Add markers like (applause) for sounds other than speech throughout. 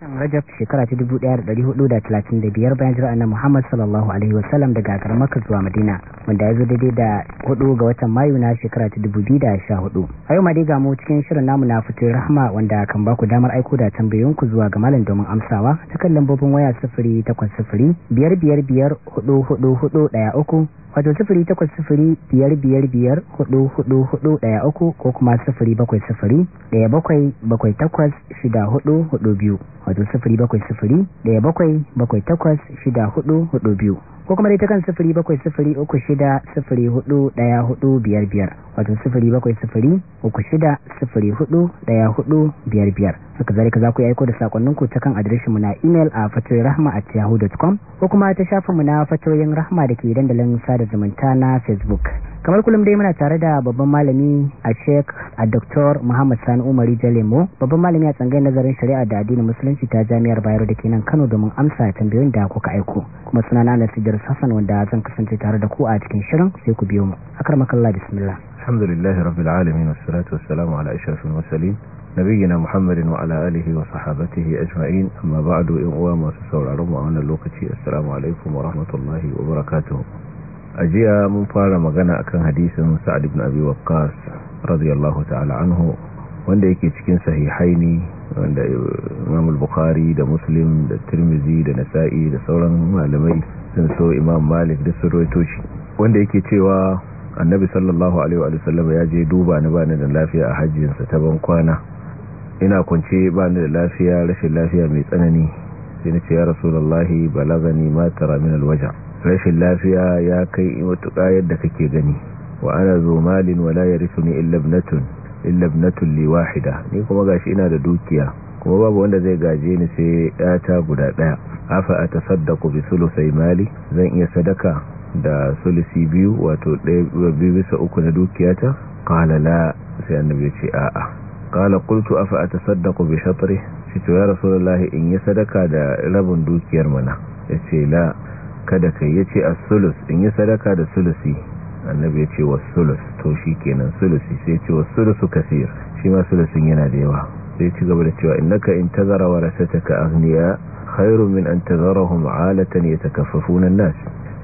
watan rajab shekara ta dubu daya da da da dari hudu talatin biyar bayan jira na Muhammad sallallahu alaihi wasallam daga garin Makka zuwa Madina wanda ya zo daidai da hudu ga watan Mayu na shekara ta dubu biyu da hudu a yau ma dai ga cikin shirin namu na fitin rahama wanda kan baku damar aiko da ku zuwa ga malam domin amsawa ta kan lambobin waya takwas biyar biyar biyar hudu hudu hudu daya uku. wato sifiri takwas sifiri biyar biyar biyar hudu hudu hudu daya uku ko kuma sifiri bakwai sifiri daya bakwai bakwai takwas shida hudu hudu biyu wato sifiri bakwai sifiri daya bakwai bakwai takwas shida hudu hudu biyu ko kuma dai ta kan sifiri bakwai sifiri uku shida sifiri hudu daya hudu biyar biyar wato sifiri bakwai sifiri uku shida sifiri hudu daya hudu biyar biyar suka zarika za ku aiko da sakonninku ta kan mu na imel a fatoyin rahama dot com ko kuma ta shafinmu na fatoyin rahama da ke dandalin sada zumunta na facebook kamar kullum dai muna tare da babban malami a sheik a doktor muhammad sani umari jalemo babban malami a tsangayin nazarin shari'a da addinin musulunci ta jami'ar bayero da ke nan kano domin amsa tambayoyin da kuka aiko kuma suna na alasu idris sassan wanda zan kasance tare da ku a cikin shirin sai ku biyo mu akarmakallah bismillah alhamdulillahi rabbil alamin wassalatu wassalamu ala ashrafil mursalin nabiyina muhammadin wa ala alihi wa sahabatihi ajma'in amma ba'du in uwa masu sauraron mu a wannan lokaci assalamu alaikum wa rahmatullahi wa barakatuh a jiya mun fara magana akan hadisin sa'ad ibn abi waqqas radiyallahu ta'ala anhu wanda yake cikin sahihaini wanda Imam al-Bukhari da Muslim da Tirmidhi da Nasa'i da sauran malamai sun so Imam Malik da Suraito shi wanda yake cewa Annabi sallallahu alaihi wa sallam ya je duba ni bani da lafiya a hajjin sa ta ban kwana ina kunce bani da lafiya rashin lafiya mai tsanani sai na ce ya Rasulullahi balagani ma tara min al-waja' rashin lafiya ya kai matuƙa yadda kake gani wa ana zo malin wala ya ni illabnatun liwahida ni kuma gashi ina da dukiya kuma babu wanda zai gaje ni sai ta guda ɗaya afa a tasaddaku bi sulusai mali zan iya sadaka da sulusi biyu wato ɗaya biyu bisa uku na dukiyata kala la sai annabi ya ce a'a kala kultu afa a tasaddaku bi shatri shi to ya rasulullahi in yi sadaka da rabin dukiyar mana ya ce la kada kai yace a sulus in yi sadaka da sulusi annabi yace was-sulus to kenan sulusi sai yace was-sulusu kaseer shi ma sulusin yana da yawa sai ci gaba da cewa innaka in tazara ka aghniya khairun min an tazarahum alatan yatakaffafuna an-nas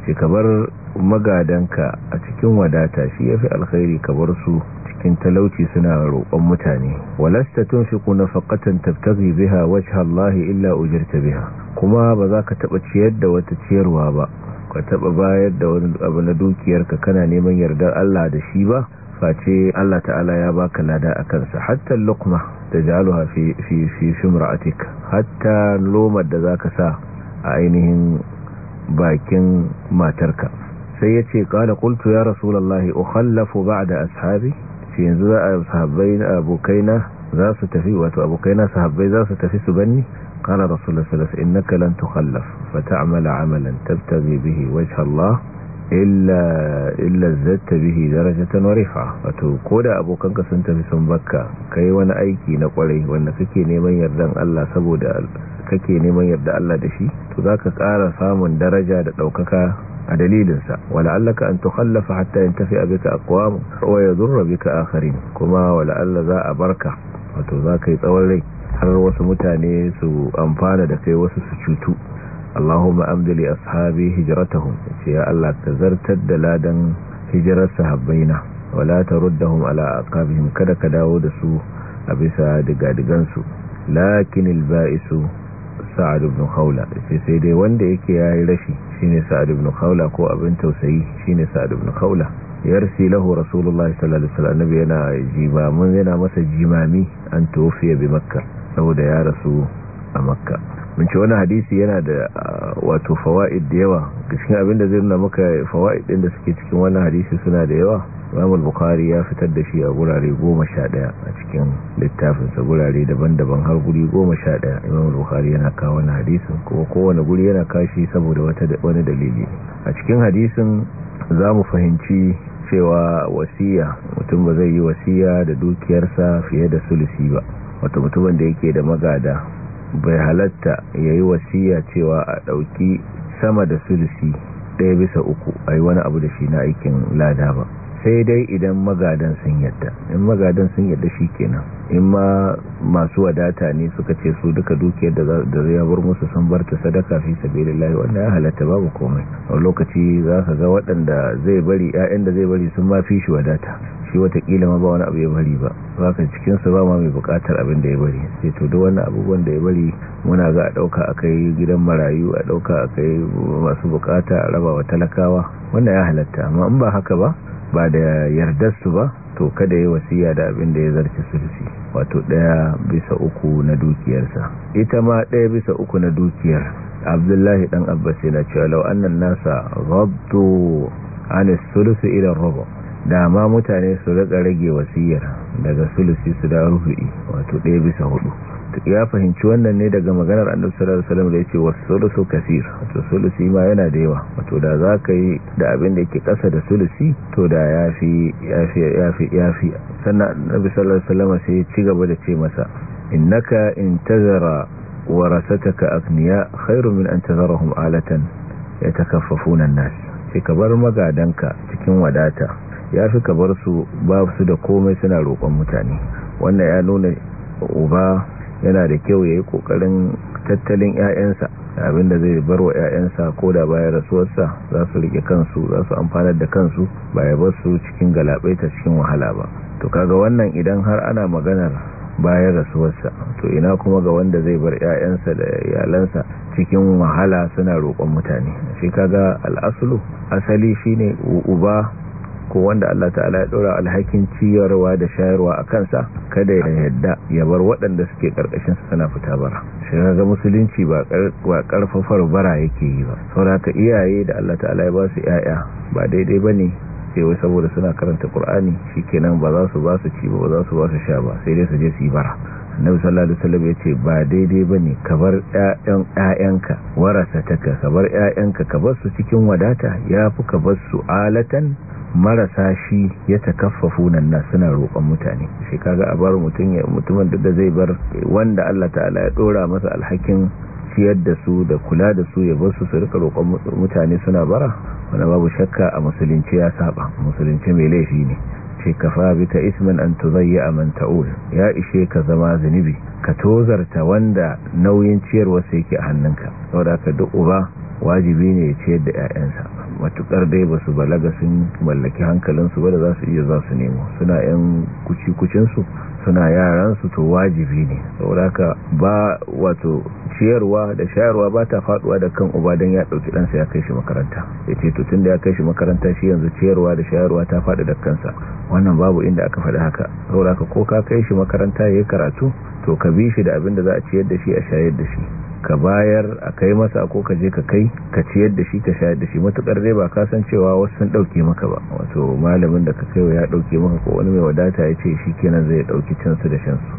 shi bar magadanka a cikin wadata shi yafi alkhairi ka bar su cikin talauci suna roƙon mutane walasta tunfiqu nafaqatan tabtaghi biha wajha Allah illa ujirta biha kuma ba za ka taba ciyar da wata ciyarwa ba ka taba bayar da wani abu na dukiyarka kana neman yardar Allah da shi ba face Allah ta'ala ya baka lada a kansa hatta luqma tajaluha fi fi fi shimra'atik hatta lomar da zaka sa a ainihin bakin matarka sai ya ce ƙala ya rasulallah ukhallafu ba'da ashabi shi yanzu za a sahabbai abokai na za su tafi wato abokai na sahabbai za su tafi su banni kana rasulullah sallallahu alaihi wasallam innaka lan tukhallaf fata'mala amalan tabtaghi bihi wajha Allah illa zatta bihi darajatan ta rifa wato koda abokanka sun tafi sun bakka kai wani aiki na kwarai wanda kake neman yardan Allah saboda kake neman yarda Allah da shi to zaka ƙara samun daraja da ɗaukaka a dalilinsa wala'allaka an tukhallafa hatta yantafi tafi aqwam wa yadurra bika akharin kuma wala'alla za a barka wato zaka yi tsawon rai har wasu mutane su amfana da kai wasu su cutu Allahumma amdi li ashabi hijratahum ce ya Allah ka zartar da ladan hijirar sahabbaina wala taruddahum ala aqabihim kada ka dawo da su a bisa digadigan su lakin alba'isu sa'ad ibn khawla ce sai dai wanda yake yayi rashi shine sa'ad ibn khawla ko abin tausayi shine sa'ad ibn khawla yarsi lahu rasulullahi sallallahu alaihi wasallam yana jimamin yana masa jimami an tofiya bi makka saboda ya rasu a makka mun ce wani hadisi yana da wato fawaid da yawa cikin abin da zai nuna maka fawaid din da suke cikin wannan hadisi suna da yawa Imam Bukhari ya fitar da shi a gurare 11 a cikin littafin sa gurare daban-daban har guri 11 Imam Bukhari yana kawo wani hadisin kuma kowane guri yana kashi saboda wata wani dalili a cikin hadisin za mu fahimci cewa wasiya mutum ba zai yi wasiya da dukiyarsa fiye da sulusi ba wato mutumin da yake da magada bai halatta ya yi wasiya cewa a ɗauki sama da sulusi ɗaya bisa uku a yi wani abu da shi na aikin lada ba sai dai idan magadan sun yadda in magadan sun yadda shi kenan in ma masu wadata ne suka ce su duka dukiyar da zai bar musu sun bar ta sadaka fi sabilillahi wanda ya halatta babu komai a lokaci za ka ga waɗanda zai bari 'ya'yan da zai bari sun ma fi shi wadata shi watakila ma ba wani abu ya bari ba cikin cikinsu ba ma mai bukatar abin da ya bari sai to da wani abubuwan da ya bari muna za a ɗauka a kai gidan marayu a ɗauka a kai masu bukata a raba wa talakawa wannan ya halatta amma in ba haka ba ba da yardar su ba to kada ya wasiya da abin da ya zarce sulusi wato ɗaya bisa uku na dukiyarsa ita ma ɗaya bisa uku na dukiyar abdullahi dan abbas yana cewa lau annan nasa rabdu anis sulusi ila rubu dama mutane su rika rage wasiyar daga sulusi su da rufi wato ɗaya bisa hudu ya fahimci wannan ne daga maganar annabi sallallahu alaihi wasallam da yace sulusu kaseer wato sulusi ma yana da yawa wato da za ka yi da abin da yake ƙasa da sulusi to da ya fi ya fi sannan annabi sallallahu alaihi wasallam sai ya ci gaba da ce masa innaka intazara warasataka agniya khairu min an tazarahum alatan yatakaffafuna an-nas sai ka bar magadanka cikin wadata ya fi ka bar su ba su da komai suna roƙon mutane wannan ya nuna uba yana da kyau ya yi ƙoƙarin tattalin 'ya'yansa abinda zai bar wa 'ya'yansa ko da bayan rasuwarsa za su riƙe kansu za su amfanar da kansu ba ya bar su cikin ta cikin wahala ba to kaga wannan idan har ana maganar bayan rasuwarsa to ina kuma ga wanda zai bar 'ya'yansa da iyalansa cikin wahala suna roƙon mutane shi kaga al'asulu asali shine uba ko wanda Allah ta'ala ya dora alhakin ciyarwa da shayarwa a kansa kada ya yadda ya bar waɗanda suke ƙarƙashin su suna fita bara shi ga musulunci ba ƙarfafar bara yake yi ba sauraka iyaye da Allah ta'ala ya ba su yaya ba daidai ba ne. cewa saboda suna karanta qur'ani shikenan ba za su ba su ci ba za su ba su sha ba sai dai su je su yi bara annabi sallallahu alaihi wasallam yace ba daidai bane bar ƴaƴan ƴaƴanka warasataka kabar ƴaƴanka ka bar su cikin wadata yafi ka bar su alatan marasa shi ya takaffafu nan na suna roƙon mutane shi kaga a bar mutum ya mutumin da zai bar wanda Allah ta'ala ya dora masa alhakin ciyar da su da kula da su ya bar su su rika roƙon mutane suna bara wanda babu shakka a musulunci ya saba musulunci mai laifi ne ce ka fabi ta ismin an yi a manta'ul ya ishe ka zama zunubi ka tozarta wanda nauyin ciyar wasu yake a hannunka da ka duk uba wajibi ne ya ciyar da 'ya'yansa matukar dai ba su balaga sun mallaki hankalinsu ba da za su iya za su nemo suna 'yan kuci-kucinsu suna yaransu to wajibi ne saboda ba wato ciyarwa da shayarwa ba ta faduwa da kan uba don ya ɗauki ɗansa ya kai shi makaranta ya ce tutun da ya kai shi makaranta shi yanzu ciyarwa da shayarwa ta faɗi da kansa wannan babu inda aka faɗi haka saboda ka ko ka kai shi makaranta ya yi karatu to ka bi shi da abin da za a ciyar da shi a shayar da shi ka bayar a kai masa ko ka je ka kai ka ciyar da shi ka shayar da shi matukar dai ba kasancewa wasu sun ɗauke maka ba wato malamin da ka kai ya dauke maka ko wani mai wadata ya ce shi kenan zai ɗauki cinsu da shansu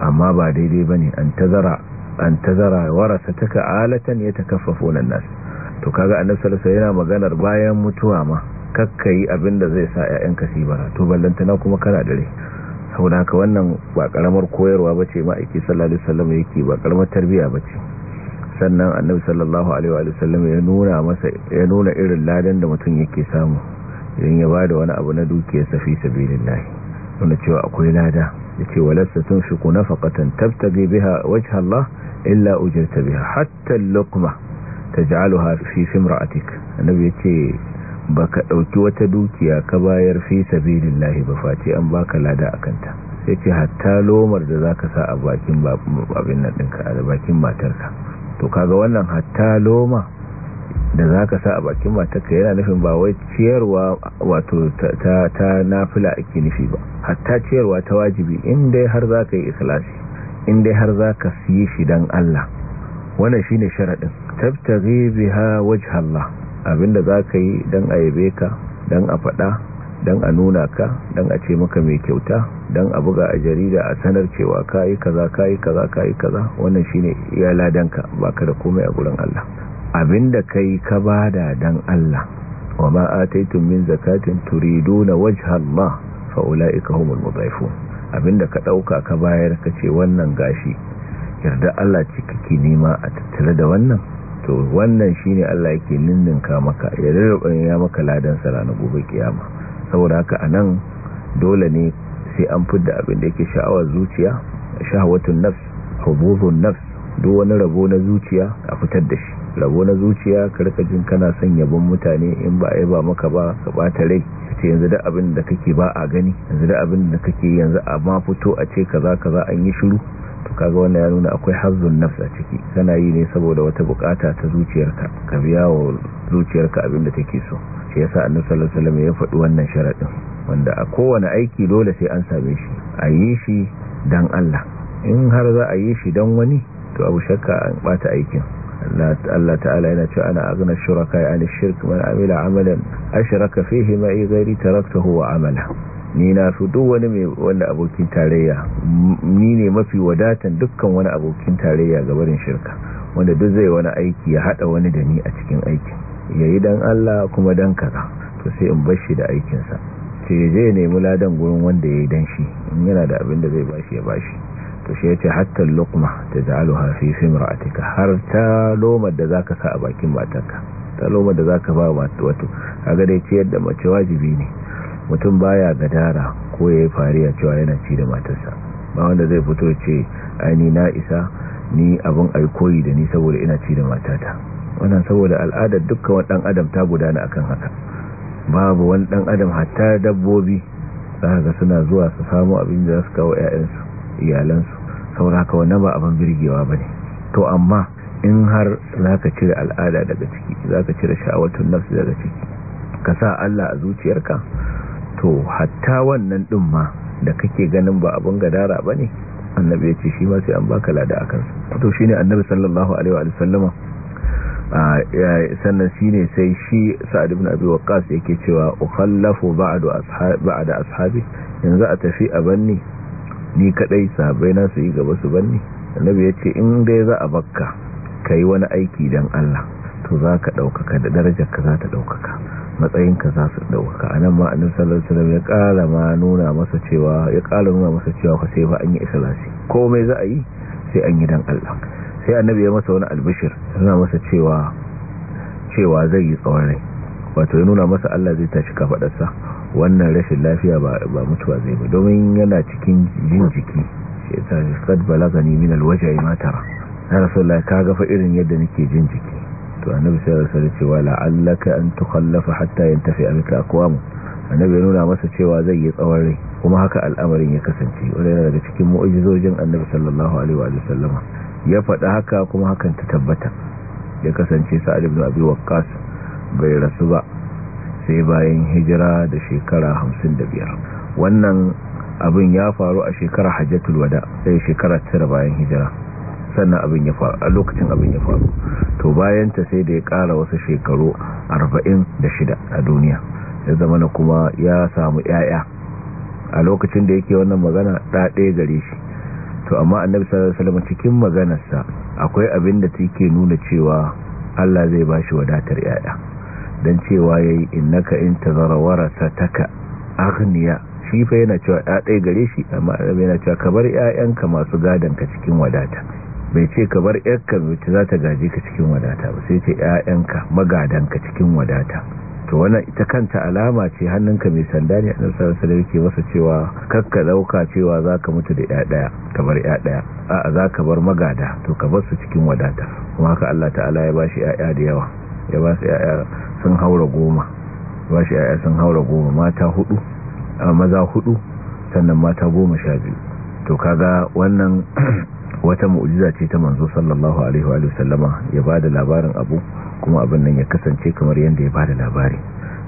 amma ba daidai ba ne an tazara an tazara warasa ta alatan ya takaffafu nan nasu to kaga annabi sallallahu yana maganar bayan mutuwa ma kakkai abin da zai sa ya'yan su bara to ballantana kuma kana dare saboda haka wannan ba karamar koyarwa bace ma aiki sallallahu alaihi wasallam yake ba karamar tarbiyya bace sannan annabi sallallahu alaihi wa sallam ya nuna masa ya nuna irin ladan da mutum yake samu idan ya bada wani abu na dukiyar sa fi sabilillah wanda cewa akwai lada yace walasta tunfiqu nafaqatan tabtagi biha wajha Allah illa ujirta biha hatta al-luqma taj'alha fi simra'atik annabi yace baka dauki wata dukiya ka bayar fi sabilillahi ba face an baka lada akan ta yace hatta lomar da zaka sa a bakin babin nan dinka a bakin matarka to kaga wannan hatta loma da zaka sa a bakin matarka yana nufin ba wai ciyarwa wato ta, ta, nafila ake nufi ba hatta ciyarwa ta wajibi in dai har za ka yi ikhlasi in dai har za ka siye shi dan Allah wannan shi ne sharaɗin tabtaghi biha Allah abinda za ka yi don a yabe ka don a faɗa don a nuna ka dan a ce maka mai kyauta dan a buga a jarida a sanar cewa kayi kaza yi kaza kayi kaza wannan shine iya ladanka ka da komai a gurin Allah abinda kai ka bada dan Allah wa ma ataitum min zakatin turiduna wajha Allah fa ulaika humul mudhaifun abinda ka ɗauka ka bayar ka ce wannan gashi yarda Allah ce kake nema a tattare da wannan to wannan shine Allah yake ninninka maka ya rarrabe ya maka ladan sa ranar gobe kiyama saboda haka anan dole ne sai an fidda abin da yake sha'awar zuciya a shahawatun nafs hubuzun nafs duk wani rabo na zuciya a fitar da shi rabo na zuciya ka jin kana son yabon mutane in ba a yaba maka ba ka bata rai ce yanzu da abin da kake ba a gani yanzu da abin da kake yanzu a ma fito a ce kaza kaza an yi shiru to kaga wannan ya nuna akwai hazzun nafs a ciki kana yi ne saboda wata bukata ta zuciyarka ka biya wa zuciyarka abin da take so shi yasa annabi sallallahu alaihi wasallam ya faɗi wannan sharadin wanda a kowane aiki dole sai an same shi a yi shi dan Allah in har za a yi shi dan wani to abu shakka an bata aikin Allah ta'ala yana cewa ana azna shuraka yani shirk man amila amalan ashraka fihi ma'i ghairi taraktahu wa amala ni na su duk wani mai wanda abokin tarayya ni ne mafi wadatan dukkan wani abokin tarayya ga barin shirka wanda duk zai wani aiki ya hada wani da ni a cikin aikin yayi dan Allah kuma dan kaza to sai in bar shi da aikinsa sa ce je nemi ladan gurin wanda yayi dan shi in yana da abin da zai bashi ya bashi to shi yace hatta luqma taj'aluha fi ra'atika har ta lomar da zaka sa a bakin matarka ta lomar da ka ba wato kaga dai ciyar da mace wajibi ne mutum baya gadara ko ya yi fariya cewa yana ci da matarsa ba wanda zai fito ce aini na isa ni abin aikoyi da ni saboda ina ci da matata wannan saboda al'adar dukkan wadan adam ta gudana akan haka babu wani dan adam hatta dabbobi ka suna zuwa su samu abin da su kawo 'ya'yansu iyalansu saboda haka wannan ba abin birgewa ba ne to amma in har za ka cire al'ada daga ciki za ka cire sha'awatun nasu daga ciki ka sa Allah a zuciyarka to hatta wannan din ma da kake ganin ba abun gadara bane annabi ya ce shi ma sai an baka lada akan su to shine annabi sallallahu alaihi wa sallama sannan shine sai shi sa'ad ibn abi waqqas yake cewa ukhallafu ba'du ashabi ba'da ashabi yanzu a tafi a banni ni kadai sahabbai na su yi gaba su banni annabi ya ce in dai za a bakka kai wani aiki dan Allah to zaka daukaka da darajar ka za ta daukaka matsayinka za su ɗaukaka a nan ma'anin salam ya kala ma nuna masa cewa ya kala nuna masa cewa ka sai ba an yi isalasi komai za a yi sai an yi dan Allah sai annabi ya masa wani albishir yana masa cewa cewa zai yi tsawon rai wato ya nuna masa Allah zai tashi ka kafaɗarsa wannan rashin lafiya ba mutuwa zai ba domin yana cikin jin jiki shi ya kad balagani min alwajai ma tara na rasulullahi ka gafa irin yadda nake jin jiki to annabi sai ya sanar cewa la'allaka an tukhallafa hatta yantafi amika aqwam annabi ya nuna masa cewa zai yi tsawon rai kuma haka al'amarin ya kasance wanda yana daga cikin mu'jizojin annabi sallallahu alaihi wa ya faɗa haka kuma hakan ta tabbata ya kasance sa'ad ibn abi waqqas bai rasu ba sai bayan hijira da shekara 55 wannan abin ya faru a shekarar hajjatul wada sai eh, shekarar tara bayan hijira sannan abin ya faru a lokacin abin ya faru to bayan ta sai da ya kara wasu shekaru 46 a duniya ya zama na kuma ya samu yaya a lokacin da yake wannan magana ɗaɗe gare shi to amma annabi sallallahu alaihi salama cikin maganarsa akwai abin da take nuna cewa Allah zai ba shi wadatar yaya dan cewa yayi innaka in ta ta warasataka aghniya shi fa yana cewa ɗaɗe gare shi amma yana cewa ka bar 'ya'yanka masu gadon ka cikin wadata bai ce ka bar yarka wacce za ta gaji ka cikin wadata ba sai ce ‘ya'yanka magadanka cikin wadata to wannan ita kanta alama ce hannunka mai sanda ne a nasarar sadar ke masa cewa kakka dauka cewa za ka mutu da 'ya'ɗaya ka bar ya a a za ka bar magada to ka bar su cikin wadata kuma haka Allah ta'ala ya ba shi ya'ya da yawa ya ba su ya'ya sun haura goma ba shi ya'ya sun haura goma mata hudu maza hudu sannan mata goma sha biyu to kaga wannan wata mu'jiza ce ta manzo sallallahu alaihi wa sallama ya bada labarin abu kuma abin nan ya kasance kamar yanda ya bada labari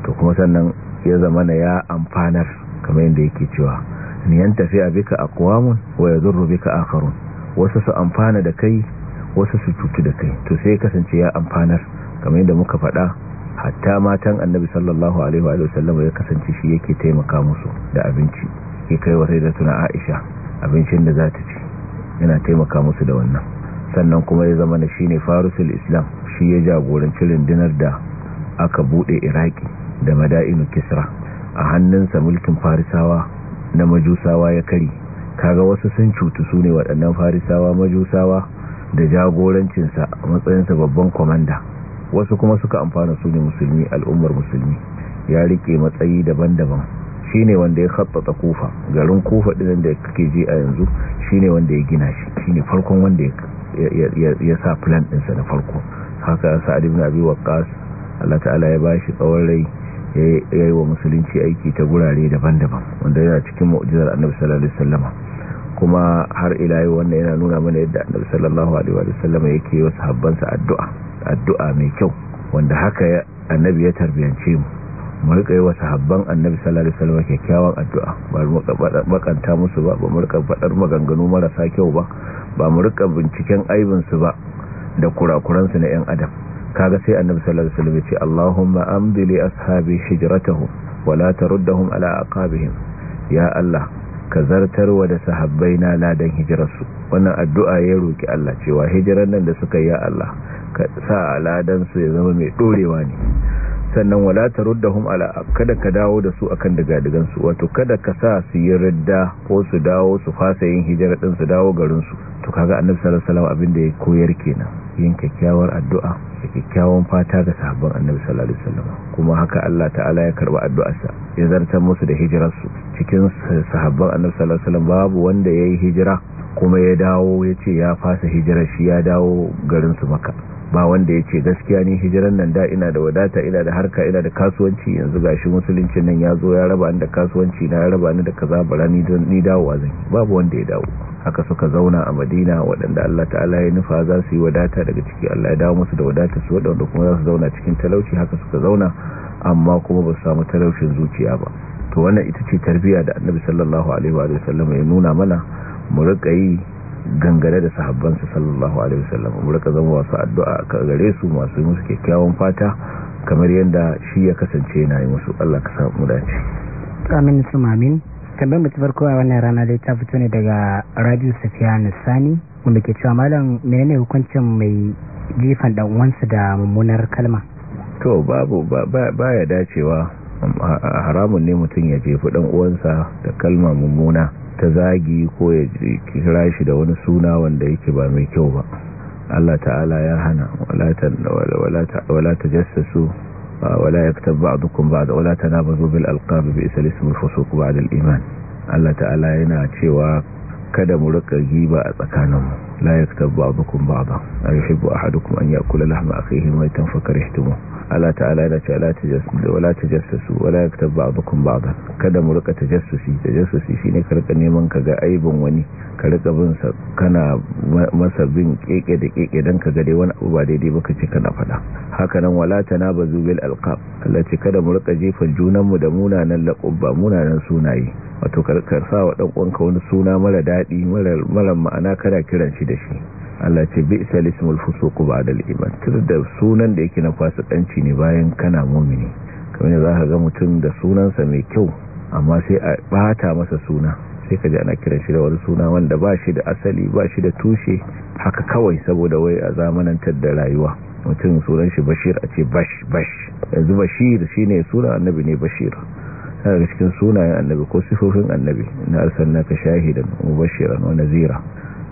to kuma sannan ya zama na ya amfanar kamar yanda yake cewa ni yan tafiya bika aqwamun wa yadurru bika akharun wasu su amfana da kai wasu su cutu da kai to sai kasance ya amfanar kamar yanda muka faɗa hatta matan annabi sallallahu alaihi wa sallama ya kasance shi yake taimaka musu da abinci ya kai wa sai da tuna Aisha abincin da za ta ci yana taimaka musu da wannan sannan kuma ya zama shi ne farusul islam shi ya jagoranci rundunar da aka bude iraki da mada'inu kisra a hannunsa mulkin farisawa na majusawa ya kari kaga wasu sun cutu su ne waɗannan farisawa majusawa da jagorancinsa a matsayinsa babban kwamanda wasu kuma suka amfana su ne musulmi al'ummar musulmi ya rike matsayi daban-daban shine wanda ya khattata kufa garin kufa din da kake ji a yanzu shine wanda ya gina shi shine farkon wanda ya sa plan ɗinsa na farko haka sa'ad ibn abi waqqas Allah ta'ala ya bashi tsawon rai ya wa musulunci aiki ta gurare daban-daban wanda yana cikin mu'jizar annabi sallallahu alaihi wasallama kuma har ila yau wannan yana nuna mana yadda annabi sallallahu alaihi wasallama yake wa sahabbansa addu'a addu'a mai kyau wanda haka annabi ya tarbiyance mu mu rika yi sahabban annabi salari alaihi kyakkyawan addu'a ba mu rika musu ba ba mu rika faɗar maganganu marasa kyau ba ba mu rika binciken aibinsu ba da kurakuransu na yan adam kaga sai annabi salari alaihi ya ce Allahumma amdi li ashabi hijratahum wa la taruddahum ala aqabihim ya Allah ka zartar wa da sahabbai na ladan hijirarsu wannan addu'a ya roƙi Allah cewa hijirar nan da suka yi ya Allah ka sa ladan su ya zama mai ɗorewa ne sannan wala hum ala kada ka dawo da su akan dagadigan su wato kada ka sa su yi ridda ko su dawo su fasa yin hijira din su dawo garin su to kaga annabi sallallahu alaihi wasallam abin da ya koyar kenan yin kyakkyawar addu'a da kyakkyawan fata ga sahabban annabi sallallahu alaihi wasallam kuma haka Allah ta'ala ya karba addu'arsa ya zartar musu da hijirar su cikin sahabban annabi sallallahu alaihi wasallam babu wanda yayi hijira kuma ya dawo ya ce ya fasa hijirar shi ya dawo garinsu maka ba wanda ya ce gaskiya ne hijirar nan da ina da wadata ina da harka ina da kasuwanci yanzu gashi musulunci nan ya zo ya raba ni da kasuwanci na ya raba ni da kaza bara ni a zan babu wanda ya dawo haka suka zauna a madina waɗanda allah ta'ala ya nufa za su yi wadata daga ciki allah ya dawo musu da wadata su waɗanda kuma za su zauna cikin talauci haka suka zauna amma kuma ba su samu talaucin zuciya ba to wannan ita ce tarbiyya da annabi sallallahu alaihi wa sallam ya nuna mana mu rika yi gangare da sahabbansa sallallahu alaihi wasallam mu rika zama wasu addu'a ka gare su masu musu kyakkyawan fata kamar yadda shi ya kasance yana yi musu Allah ka samu dace amin su mamin tambayar mutu farko a wannan rana dai ta fito ne daga radio safiya sani wanda ke cewa malam menene hukuncin mai jifan dan uwansa da mummunar kalma to babu baya dacewa haramun ne mutum ya jefi dan uwansa da kalma mummuna ta zagi ko ya kira shi da wani suna wanda yake ba mai kyau ba Allah ta'ala ya hana wala ta jassasu wala ya fitar ba'adukun ba'ada wala ta nabazo bil alqabi bi isa lismul fusuq ba'da iman Allah ta'ala yana cewa kada mu rika giba a tsakaninmu la ba ba'dukum ba'da ayyuhibbu ahadukum an ya'kula lahma akhihi maytan fakarihtumu Allah ta'ala yana cewa la tajassasu wala tajassasu wala yaktab ba ba kada mu rika ta ta tajassusi shine ka rika neman ka ga aibin wani ka rika bin sa kana masa bin keke da keke don ka gade wani abu ba daidai ba ce kana fada haka nan wala tanabazu bil alqab Allah ce kada mu rika jefan junan mu da munanan laƙubba munanan sunaye wato karka sa wa dan wani suna mara daɗi mara mara ma'ana kana kiran shi da shi Allah ce bi isa lismul fusuku ba da iman da sunan da yake na fasikanci ne bayan kana mumini kamar za ka ga mutum da sunansa mai kyau amma sai a bata masa suna sai ka ji ana kiran shi da wani suna wanda ba shi da asali ba shi da tushe haka kawai saboda wai a zamanantar da rayuwa mutum sunan shi bashir a ce bash bash yanzu bashir shine sunan annabi ne bashir daga cikin sunayen annabi ko sifofin annabi na arsalnaka shahidan mubashiran wa nazira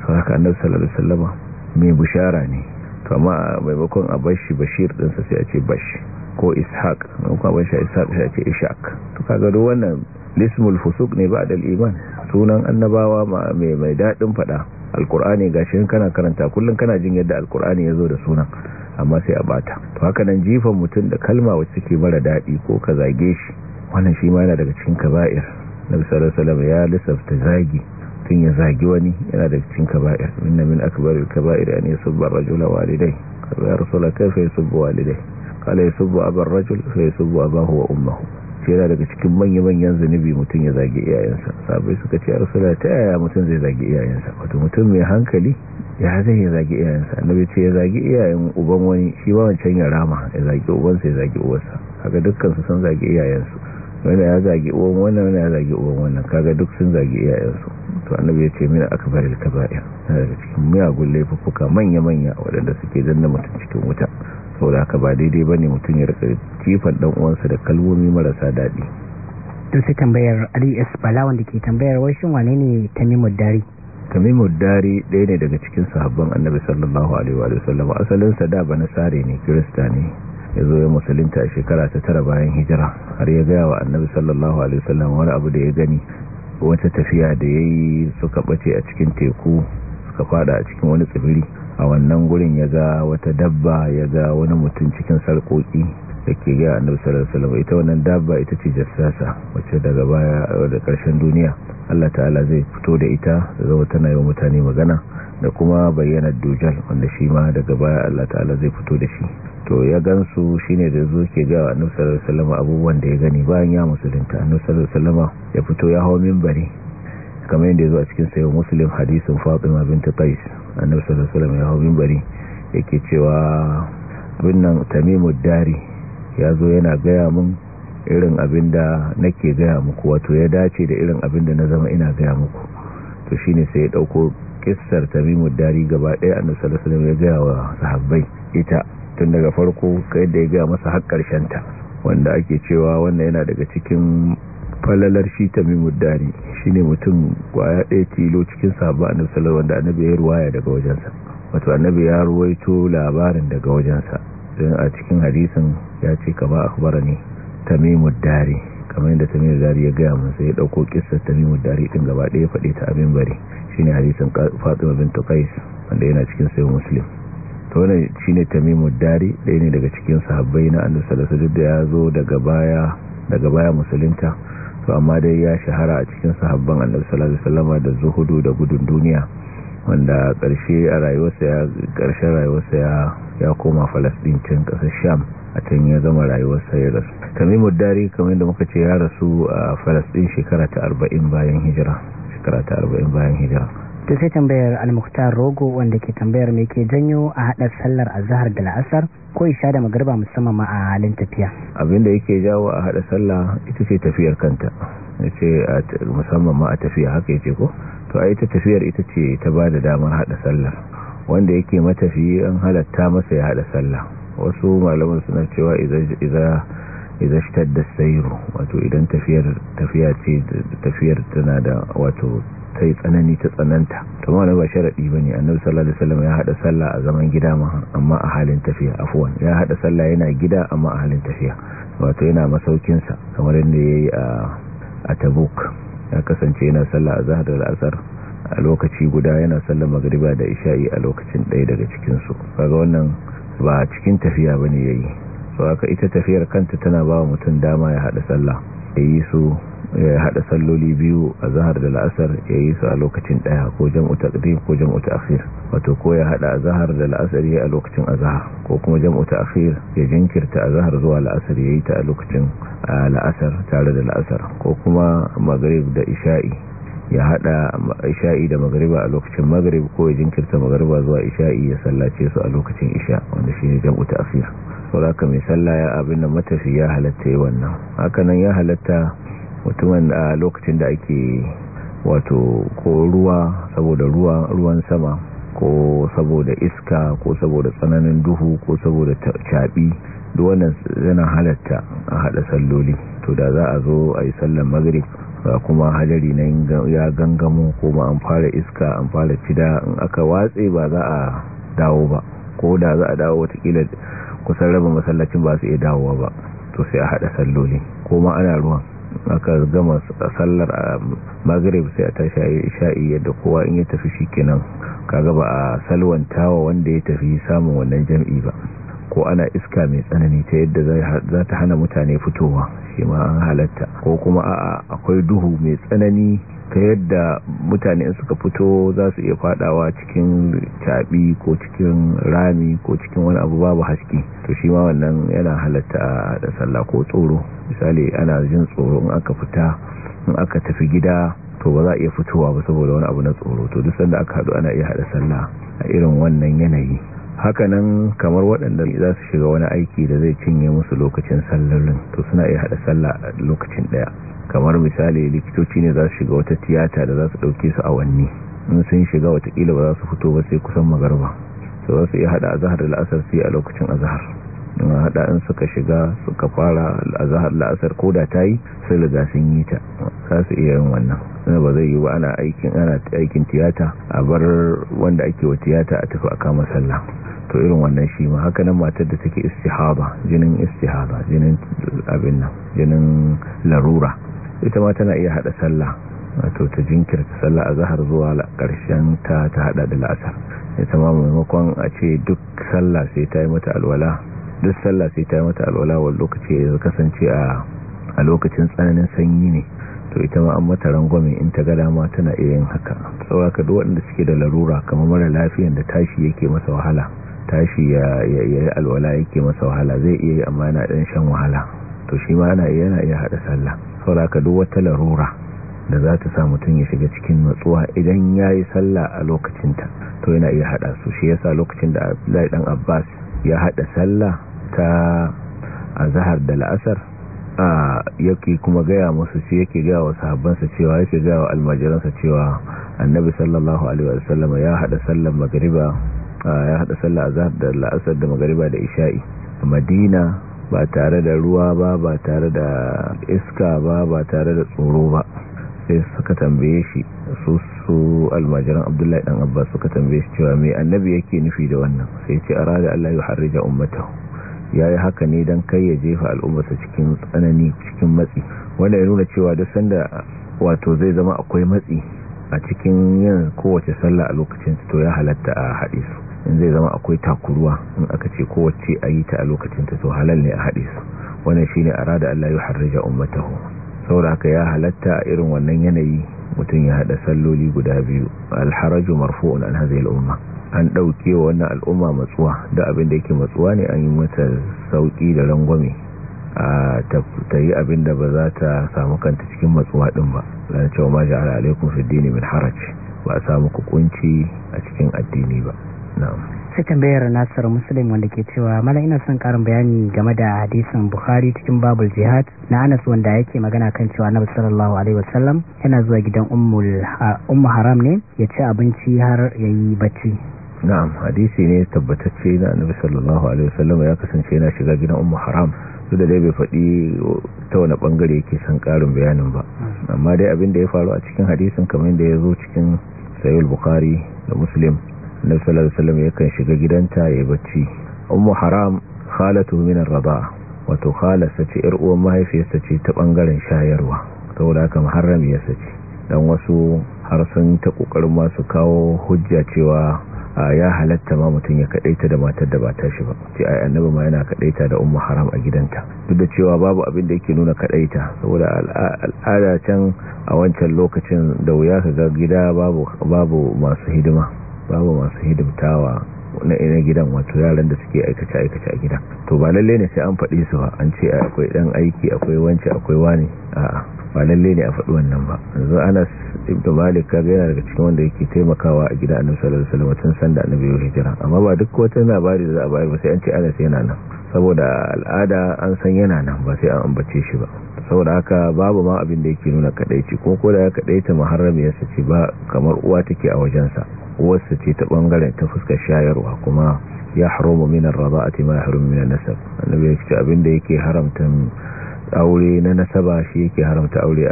sau haka annabi sallallahu alaihi wasallama mai bushara ne to amma maimakon a bashi bashir ɗinsa sai a ce bashi ko ishaq maimakon a bashi ishaq sai a ce ishaq to kaga duk wannan lismul fusuq ne ba da iman sunan annabawa mai mai dadin fada alqur'ani gashin kana karanta kullun kana jin yadda alqur'ani yazo da sunan amma sai a bata to haka nan jifan mutum da kalma wacce take mara dadi ko ka zage shi wannan shi ma yana daga cikin kaba'ir nabi sallallahu alaihi wasallam ya lissafta zagi mutum ya zagi wani yana da cikin kaba'ir inna min akbaril kaba'ir an yusubba rajula walidai ya rasula kai fa yusubbu walidai qala yusubbu abar rajul fa yusubbu abahu wa ummuhu ce yana daga cikin manya manyan zanubi mutum ya zagi iyayensa sabai suka ce ya rasula ta yaya mutum zai zagi iyayensa wato mutum mai hankali ya zai ya zagi iyayensa annabi ce ya zagi iyayen uban wani shi ba wancan ya rama ya zagi ubansa ya zagi uwarsa kaga dukkan su san zagi iyayensu wanda ya zagi uwan wannan wanda ya zagi uwan wannan kaga duk sun zagi iyayensu to annabi ya ce mina akbaril kaba'ir daga cikin miyagun laifuka manya-manya waɗanda suke danna mutum cikin wuta da haka ba daidai ba ne mutum ya rika jifan ɗan uwansa da kalmomi marasa daɗi to sai tambayar Ali S Bala wanda ke tambayar wai shin wane ne Tamimu Dari Tamimu Dari ɗaya ne daga cikin sahabban Annabi sallallahu alaihi wa sallam asalin sa da banasare ne Kirista ne ya zo ya musulunta a shekara ta tara bayan hijira har ya gaya wa annabi sallallahu alaihi wasallam wani abu da ya gani wata tafiya da ya yi suka ɓace a cikin teku suka fada a cikin wani tsibiri a wannan gurin ya ga wata dabba ya ga wani mutum cikin sarƙoƙi da ke ga annabi sallallahu alaihi ita wannan dabba ita ce jassasa wacce daga baya da karshen duniya Allah ta'ala zai fito da ita da zama tana yi mutane magana da kuma bayyana dujal wanda shi ma daga baya Allah ta'ala zai fito da shi to ya gansu shine da zo ke ga annusar salama abubuwan da ya gani bayan ya musulunta annusar salama ya fito ya hau mimbari kamar yadda ya zo a cikin sayo musulun hadisin fatima binti qais annabi sallallahu ya hau mimbari yake cewa binnan tamimu dari ya zo yana gaya mun irin abin da nake gaya muku wato ya dace da irin abin da na zama ina gaya muku to shine sai ya dauko kissar tamimu dari gaba ɗaya annabi sallallahu alaihi wasallam ya gaya wa sahabbai ita tun daga farko kai da ya gaya masa har karshen ta wanda ake cewa wannan yana daga cikin falalar shi tamimu dari shine mutum kwaya daya tilo cikin sahabba annabi sallallahu alaihi wanda annabi ya ruwaya daga wajensa wato annabi ya ruwaito labarin daga wajensa don a cikin hadisin ya ce kama akbara ne tamimu dari kamar yadda tamimu dari ya gaya mun sai ya dauko kissar tamimu dari din gaba daya fade ta abin bari shine hadisin Fatima bint Qais wanda yana cikin sahih Muslim to wannan shine tamimu dari daya ne daga cikin sahabbai na Annabi sallallahu alaihi wasallam da ya zo daga baya daga baya musulunta to amma dai ya shahara a cikin sahabban Annabi sallallahu alaihi wasallam da zuhudu da gudun duniya wanda karshe a rayuwarsa ya karshe rayuwarsa ya ya koma Palestine can kasar Sham a can ya zama rayuwarsa ya rasu tamimu dari kamar da muka ce ya rasu a falastin shekara ta arba'in bayan hijira shekara ta arba'in bayan hijira to sai tambayar al-mukhtar rogo wanda ke tambayar me ke janyo a haɗa sallar azhar da la'asar ko isha da magarba musamman ma a halin tafiya abinda yake jawo a haɗa sallah ita ce tafiyar kanta yace musamman ma a tafiya haka yace ko to ai ta tafiyar ita ce ta bada damar haɗa sallar wanda yake matafiyi an halatta masa ya haɗa sallah wasu malaman suna cewa iza iza da sairu wato idan tafiyar tafiya ce tafiyar tana da wato tsanani ta tsananta to na ba sharadi ba annabi sallallahu alaihi wasallam ya haɗa sallah a zaman gida amma a halin tafiya afwan ya haɗa sallah yana gida amma a halin tafiya wato yana masaukin sa kamar yadda yayi a a Tabuk ya kasance yana sallah a zahar da asar a lokaci guda yana sallar magariba da isha'i a lokacin ɗaya daga cikin su kaga wannan ba cikin tafiya ba ne ya yi so ita tafiyar kanta tana ba mutum dama ya haɗa sallah ya yi su ya haɗa salloli biyu a zahar da la'asar ya yi su a lokacin ɗaya ko jam'u taqdim ko jam'u ta'khir wato ko ya haɗa a zahar da la'asar ya yi a lokacin azahar ko kuma jam'u ta'khir ya jinkirta a zahar zuwa la'asar ya yi ta a lokacin la'asar tare da la'asar ko kuma maghrib da isha'i ya hada isha'i da magariba a lokacin magarib ko ya jinkirta magariba zuwa isha'i ya sallace su a lokacin isha wanda shi ne jam'u ta'asir ka mai sallah ya abin da matafi ya halatta yi wannan hakanan ya halatta mutumin a lokacin da ake wato ko ruwa saboda ruwa ruwan sama ko saboda iska ko saboda tsananin duhu ko saboda caɓi duwannan yana halatta a hada salloli to da za a zo a yi sallan magarib ga kuma hadari na ya gangamo kuma an fara iska an fara fida in aka watse ba za a dawo ba ko da za a dawo watakila kusan raba masallacin ba su iya dawowa ba to sai a haɗa salloli kuma ana ruwan aka gama sallar a magrib sai a tashi sha'i yadda kowa in ya tafi shi kenan kaga ba a salwantawa wanda ya tafi samun wannan jam'i ba ko ana iska mai tsanani ta yadda za ta hana mutane fitowa shi ma an halatta ko kuma a'a akwai duhu mai tsanani ta yadda mutane suka fito za su iya fadawa cikin caɓi ko cikin rami ko cikin wani abu babu haske to shi ma wannan yana halatta da sallah ko tsoro misali ana jin tsoro in aka fita in aka tafi gida to ba za a iya fitowa ba saboda wani abu na tsoro to duk sanda aka haɗu ana iya haɗa sallah a irin wannan yanayi hakanan kamar waɗanda za su shiga wani aiki da zai cinye musu lokacin sallarin to suna iya haɗa sallah lokacin ɗaya kamar misali likitoci ne za su shiga wata tiyata da za su ɗauke su awanni in sun shiga watakila ba za su fito ba sai kusan magarba su za su iya haɗa azahar da la'asar sai a lokacin azahar in haɗa in suka shiga suka fara azahar la'asar ko da ta yi sai riga sun yi ta za su iya yin wannan Eh, ba zai yi ba ana ana aikin tiyata a bar wanda ake wa tiyata a tafi a kama sallah to irin wannan shi ma haka nan matar da take istihaba jinin istihaba jinin abin nan jinin larura ita ma tana iya hada sallah wato ta jinkirta sallah a zahar zuwa karshen ta ta hada da la'asar ita ma maimakon a ce duk sallah sai ta yi mata alwala duk sallah sai ta yi mata alwala wani lokaci ya kasance a lokacin tsananin sanyi ne to ita ma an mata rangwame in ta gada ma tana iya yin haka saboda duk waɗanda suke da larura kamar mara lafiyan da tashi yake masa wahala tashi ya yi alwala yake masa wahala zai iya yi amma yana ɗan shan wahala to shi ma yana iya yana iya haɗa sallah saboda duk wata larura da za ta sa mutum ya shiga cikin matsuwa idan yayi sallah a lokacinta to yana iya haɗa su shi yasa lokacin da Abdullahi dan Abbas ya haɗa sallah ta azhar da la'asar yake kuma gaya musu ce yake gaya wa sahabbansa cewa yake gaya wa almajiransa cewa annabi sallallahu alaihi wasallam ya hada sallar magriba ya hada sallar azhar da la'asar da magriba da isha'i a madina ba tare da ruwa ba ba tare da iska ba ba tare da tsoro ba sai suka tambaye shi su su almajiran abdullahi dan abbas suka tambaye shi cewa me annabi yake nufi da wannan sai ya ce arada allah ya harrija ummatahu ya yi haka ne don kai ya jefa al'ummarsa cikin tsanani cikin matsi wanda ya nuna cewa duk sanda wato zai zama akwai matsi a cikin yin kowace sallah a lokacin to ya halatta a haɗe su in zai zama akwai takuruwa in aka ce kowace a yi ta a lokacin ta to halal ne a haɗe su wannan shi ne a rada Allah ya harrija ummatahu saboda haka ya halatta a irin wannan yanayi mutum ya haɗa salloli guda biyu alharaju marfu'un an hazai al'umma an ɗauke wa wannan al'umma matsuwa da abin da yake matsuwa ne an yi mata sauƙi da rangwame ta yi abin da ba za ta samu kanta cikin matsuwa ɗin ba zan cewa ma ja'ala alaikun fi dini min haraj ba a samu kukunci a cikin addini ba sai tambayar nasar muslim wanda ke cewa mana ina son karin bayani game da hadisin bukhari cikin babul jihad na anas wanda yake magana kan cewa na sallallahu alaihi wasallam yana zuwa gidan ummul haram ne ya ci abinci har yayi bacci na'am hadisi ne tabbatacce na annabi sallallahu alaihi wasallam ya kasance yana shiga gidan ummu haram duk da dai bai faɗi ta wani bangare yake san karin bayanin ba amma dai abin da ya faru a cikin hadisin kamar da ya zo cikin sahih bukhari da muslim annabi sallallahu alaihi wasallam kan shiga gidanta ya bacci ummu haram khalatu min ar-rada'a wato khalasa ce yar uwan mahaifiyarsa ce ta bangaren shayarwa saboda haka muharram ya sace dan wasu har sun ta kokarin masu kawo hujja cewa ya halatta ma mutum ya kadaita da matar da ba ta shi ba ce ai annabi ma yana kadaita da ummu haram a gidanta duk da cewa babu abin da yake nuna kadaita saboda al'ada can a wancan lokacin da wuya ka ga gida babu babu masu hidima babu masu hidimtawa na ina gidan wato yaran da suke aikace aikace a gidan to ba lalle ne sai an faɗi su ba an ce akwai dan aiki akwai wance akwai wani a'a ba lalle ne a faɗi wannan ba yanzu anas ibn malik kaga yana daga cikin wanda yake taimakawa a gida annabi sallallahu alaihi wasallam tun sanda annabi ya hijira amma ba duk wata labari da za a bayar ba sai an ce anas yana nan saboda al'ada an san yana nan ba sai an ambace shi ba saboda haka babu ma abin da yake nuna kadaici ko ko da ya kadaita ya sace ba kamar uwa take a wajen wajensa uwarsa ce ta bangaren ta fuska shayarwa kuma ya haramu ar raba'ati ma ya min an nasab annabi ya ce abin da yake haramta aure na nasaba shi yake haramta aure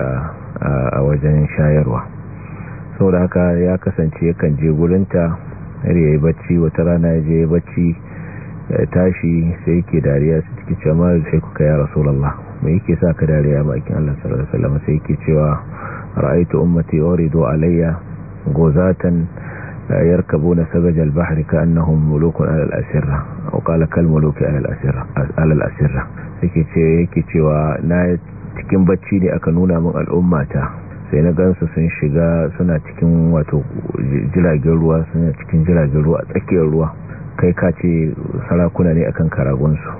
a wajen shayarwa da haka ya kasance yakan je gurinta har yayi bacci wata rana ya je bacci ya tashi sai yake dariya su ciki cewa sai kuka ya rasulullah me yake sa ka dariya bakin Allah sallallahu alaihi wasallam sai yake cewa ra'aytu ummati uridu alayya gozatan yarkabuna sabaj al-bahri ka'annahum mulukun ala al-asirra aw qala kal muluki ala al-asirra ala asirra cewa cikin bacci ne aka nuna min al'ummata sai na gansu sun shiga suna cikin wato jiragen ruwa suna cikin jiragen ruwa tsakiyar ruwa kai ka ce sarakuna ne akan karagonsu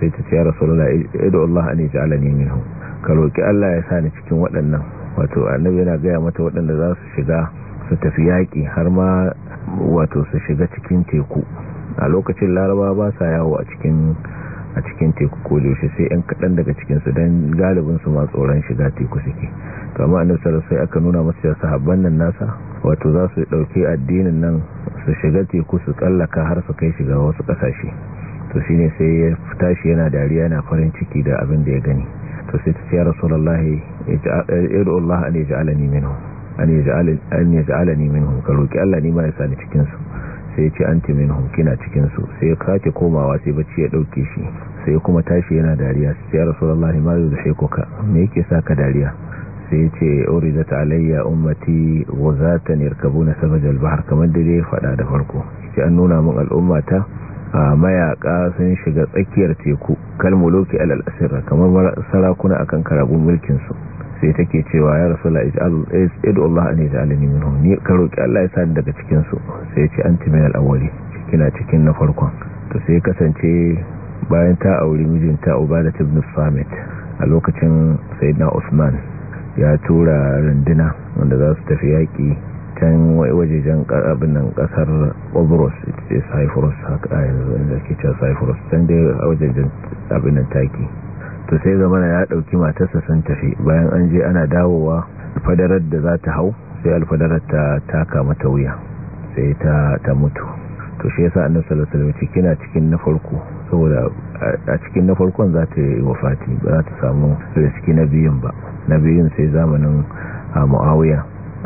sai ta ce ya rasulullah idu Allah an yaj'alani minhum ka roki Allah ya sa ni cikin waɗannan wato annabi yana gaya mata waɗanda za su shiga su tafi yaƙi har ma wato su shiga cikin teku a lokacin laraba ba sa yawo a cikin a cikin teku ko yaushe sai yan kaɗan daga cikinsu don galibin su ma tsoron shiga teku suke kama a sallallahu sai aka nuna masa sahabban nan nasa wato za su ɗauki addinin nan su shiga teku su tsallaka har su kai shiga wasu ƙasashe to shine sai ya tashi yana dariya yana farin ciki da abin da ya gani to sai ta ce ya rasu Allah an ya ji alani minhu an ne minhum ka roki Allah ni ma ya sani cikinsu sai ce an timin kina cikin su sai ya kake komawa sai bacci ya dauke shi sai kuma tashi yana dariya sai ya rasulullahi ma kuka me yake sa ka dariya sai ya ce ta alayya ummati ta nirkabu na sama jalbahar kamar da zai fada da farko ce an nuna mun al'ummata mayaka sun shiga tsakiyar teku kalmuloki alal asirra kamar sarakuna akan karagun mulkinsu sai take cewa ya rasula id'u Allah an yaj'alani minhum ni ka roki Allah ya sani daga cikin su sai ce anti min al-awwali kina cikin na farkon to sai kasance bayan ta auri mijinta Ubadah ibn Samit a lokacin Sayyidina Usman ya tura runduna wanda za su tafi yaƙi can wajejen abin nan kasar Obrus ita ce Cyprus haka yanzu inda ke cewa Cyprus can dai wajejen abin nan taki to sai zamana ya dauki matarsa sun tafi bayan an je ana dawowa fadarar da za ta hau sai alfadarar ta taka mata wuya sai ta ta mutu to shi yasa annabi sallallahu alaihi wasallam kina cikin na farko saboda a cikin na farkon za ta yi wafati ba za ta samu riski na biyun ba na biyun sai zamanin Muawiya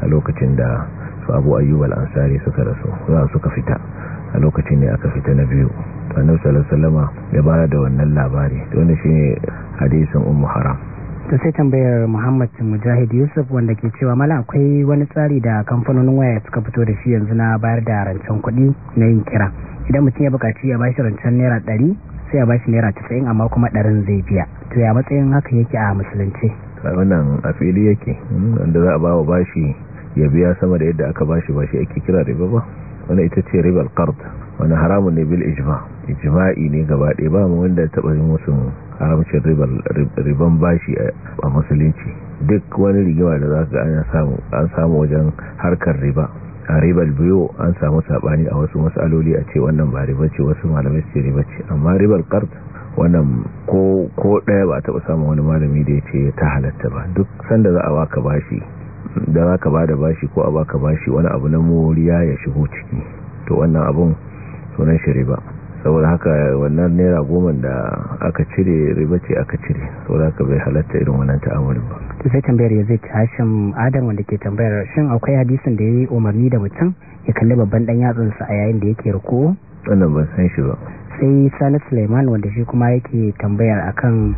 a lokacin da su Abu Ayyub al-Ansari suka rasu za suka fita a lokacin ne aka fita na biyu annabi salasalama ya ba da wannan labari wanda shine hadisin ummu haram ta sai tambayar Muhammad Mujahid Yusuf wanda ke cewa mala akwai wani tsari da kamfanonin waya suka fito da shi yanzu na bayar da rancen kuɗi na yin kira idan mutum ya bukaci ya bashi rancen naira ɗari sai ya bashi naira casa'in amma kuma ɗarin zai biya to ya matsayin haka yake a musulunci wannan a fili yake hmm, wanda za a ba wa bashi ya biya sama da yadda aka bashi ba shi ake kira riba ba wani ita ce ribar qard wani haramun ne bil ijma ijma'i ne gaba ɗaya ba mu wanda ya taɓa yin musu haramcin riban bashi a musulunci duk wani rigima da za ka an samu wajen harkar riba a ribar biyu an samu saɓani a wasu matsaloli a ce wannan ba riba ce wasu malamai ce riba ce amma ribar qard wannan ko ɗaya ba a taɓa samun wani malami da ya ce ta halatta ba duk sanda za a waka bashi da za ka ba da bashi ko a baka bashi wani abu na moriya ya shigo ciki to wannan abun sunan shi riba saboda haka wannan naira goma da aka cire riba ce aka cire saboda haka bai halatta irin wannan ta'amuli ba to sai tambayar ya zai tashin adam wanda ke tambayar shin akwai hadisin da ya yi umarni da mutum ya kalli babban dan yatsunsa a yayin da yake riko wannan ban san shi ba sai sani suleiman wanda shi kuma yake tambayar akan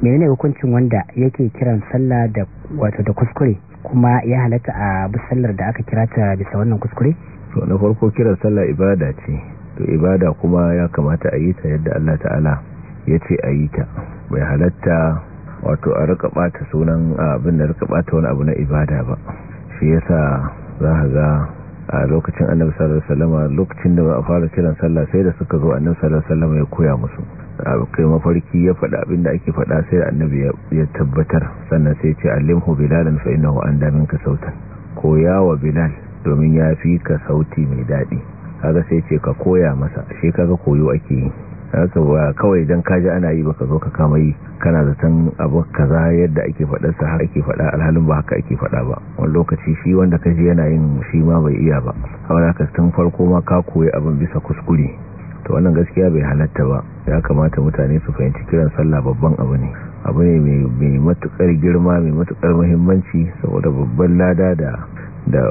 menene hukuncin wanda yake kiran sallah da wato da kuskure kuma ya halatta a sallar da aka kira ta bisa wannan kuskure to na farko kiran sallah ibada ce to ibada kuma ya kamata a yi ta yadda Allah ta'ala ya ce a yi ta bai halatta wato a rika bata sunan abin da rika bata wani abu na ibada ba shi yasa za ka ga a lokacin annabi sallallahu alaihi wasallam lokacin da ba fara kiran sallah sai da suka zo annabi sallallahu alaihi wasallam ya koya musu kai mafarki ya faɗa abinda ake faɗa sai annabi ya tabbatar sannan sai ce alimhu bilalan fa innahu anda minka sautan koya wa bilal domin ya fi ka sauti mai daɗi kaga sai ce ka koya masa shi kaga koyo ake yi haka ba kawai dan kaji ana yi ba ka zo ka kama yi kana zaton abu kaza yadda ake faɗar sa ake faɗa alhalin ba haka ake faɗa ba wani lokaci shi wanda kaji yana yin shi ma bai iya ba haura ka tun farko ma ka koyi abin bisa kuskure to wannan gaskiya bai halatta ba ya kamata mutane su fahimci kiran sallah babban abu ne abu ne mai matukar girma mai matukar muhimmanci saboda babban lada da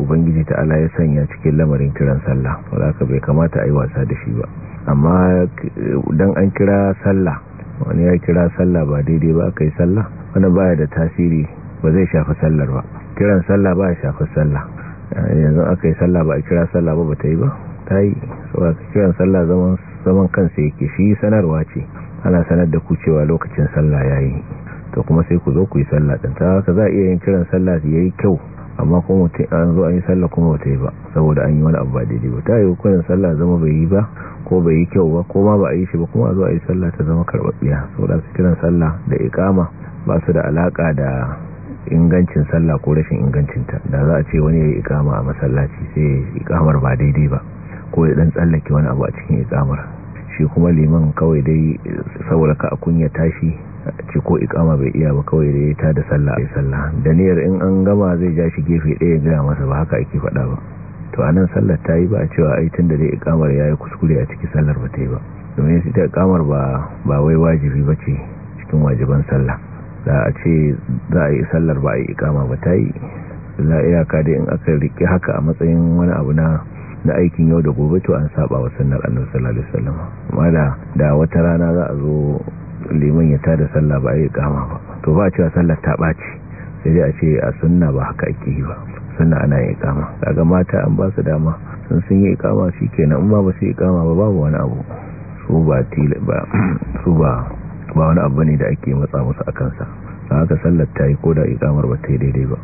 ubangiji ta ala ya sanya cikin lamarin kiran sallah wadda bai kamata a yi wasa da shi ba amma don an kira sallah wani ya kira sallah ba daidai ba aka yi sallah wani baya da tasiri ba zai shafi sallar ba kiran sallah ba ya shafi sallah yanzu aka yi sallah ba a kira sallah ba ba ta yi ba ta yi saboda kiran sallah zaman zaman kansa yake shi sanarwa ce ana sanar da ku cewa lokacin sallah yayi to kuma sai ku zo ku yi sallah din ta haka za a iya yin kiran sallah yayi kyau amma kuma mutum an zo an yi sallah kuma wata yi ba saboda an yi wani abu ba daidai ba ta yi kiran sallah zama bai yi ba ko bai yi kyau ba ko ma ba a yi shi ba kuma a zo a yi sallah ta zama karɓaɓɓiya saboda su kiran sallah da ikama ba su da alaƙa da ingancin sallah ko rashin ingancinta da za a ce wani ya yi ikama a masallaci sai ikamar ba daidai ba ko ya dan tsallake wani abu a cikin ikamar shi kuma liman kawai dai saboda ka a kunya tashi ce ko ikama bai iya ba kawai dai ta da sallah ai sallah da niyyar in an gama zai ja shi gefe ɗaya gaya masa ba haka ake faɗa ba to a nan sallar ta yi ba a cewa ai tun da dai ikamar ya yi kuskure a ciki sallar ba ta yi ba domin ita ikamar ba ba wai wajibi ba ce cikin wajiban sallah za a ce za a yi sallar ba a yi ikama ba ta yi la iyaka dai in aka riƙe haka a matsayin wani abu na na aikin yau da gobe to an saba wa sunnar annabi sallallahu alaihi wasallam amma da wata rana za a zo liman ya tada sallah ba ai kama ba to ba cewa sallar ta baci sai dai a ce a sunna ba haka ake yi ba sunna ana yi kama daga mata an ba su dama sun sun yi kama shikenan in ba ba su yi kama ba babu wani abu su ba (clears throat) su ba ba wani abu ne da ake matsa musu akan sa haka sallar ta yi ko ikamar ba ta yi daidai ba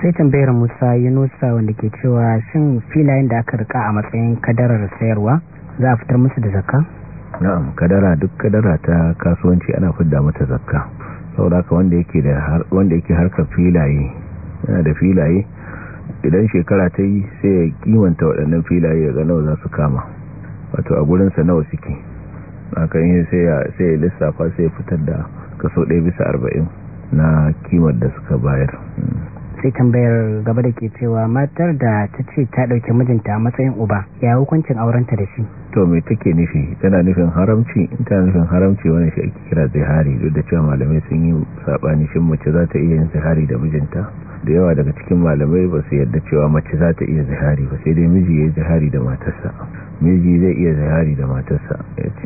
sai tambayar musa yi nusa wanda ke cewa shin filayen da aka rika a matsayin kadarar sayarwa za a fitar musu da zakka na'am kadara duk kadara ta kasuwanci ana fidda mata zakka saboda wanda yake da wanda yake harkar filaye yana da filaye idan shekara ta yi sai ya kimanta waɗannan filaye ga nawa za su kama wato a gurinsa nawa suke kan yi sai ya lissafa sai ya fitar da kaso ɗaya bisa arba'in na kimar da suka bayar sai tambayar gaba da ke cewa matar da ta ce ta ɗauki mijinta a matsayin uba ya hukuncin aurenta da shi to me take nufi tana nufin haramci in tana nufin haramci wani shi ake kira zihari duk da cewa malamai sun yi saɓani shin mace za ta iya yin zihari da mijinta da yawa daga cikin malamai ba su yarda cewa mace za ta iya zihari ba sai dai miji ya yi zihari da matarsa miji zai iya zihari da matarsa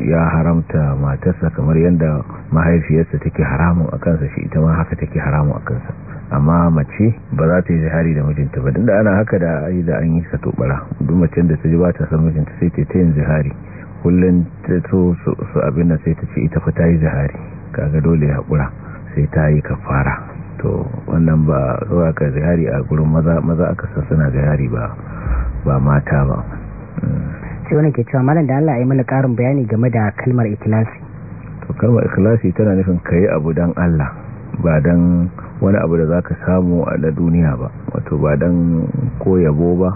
ya haramta matarsa kamar yadda mahaifiyarsa take haramun a kansa shi ita ma haka take haramun a kansa amma mace ba za ta yi zihari da mijinta ba din da ana haka da ai da an yi ka tobara duk macen da ta ji ba ta san mijinta sai ta yi zihari kullum ta so su abin da sai ta ce ita fa ta yi zihari kaga dole ya haƙura sai ta yi kafara to wannan ba zuwa ka zihari a gurin maza maza aka san suna zihari ba ba mata ba sai wani ke cewa malam da Allah ya mana ƙarin bayani game da kalmar ikhlasi to kalmar ikhlasi tana nufin kai abu dan Allah ba dan wani abu da za ka samu a na duniya ba wato ba don ko yabo ba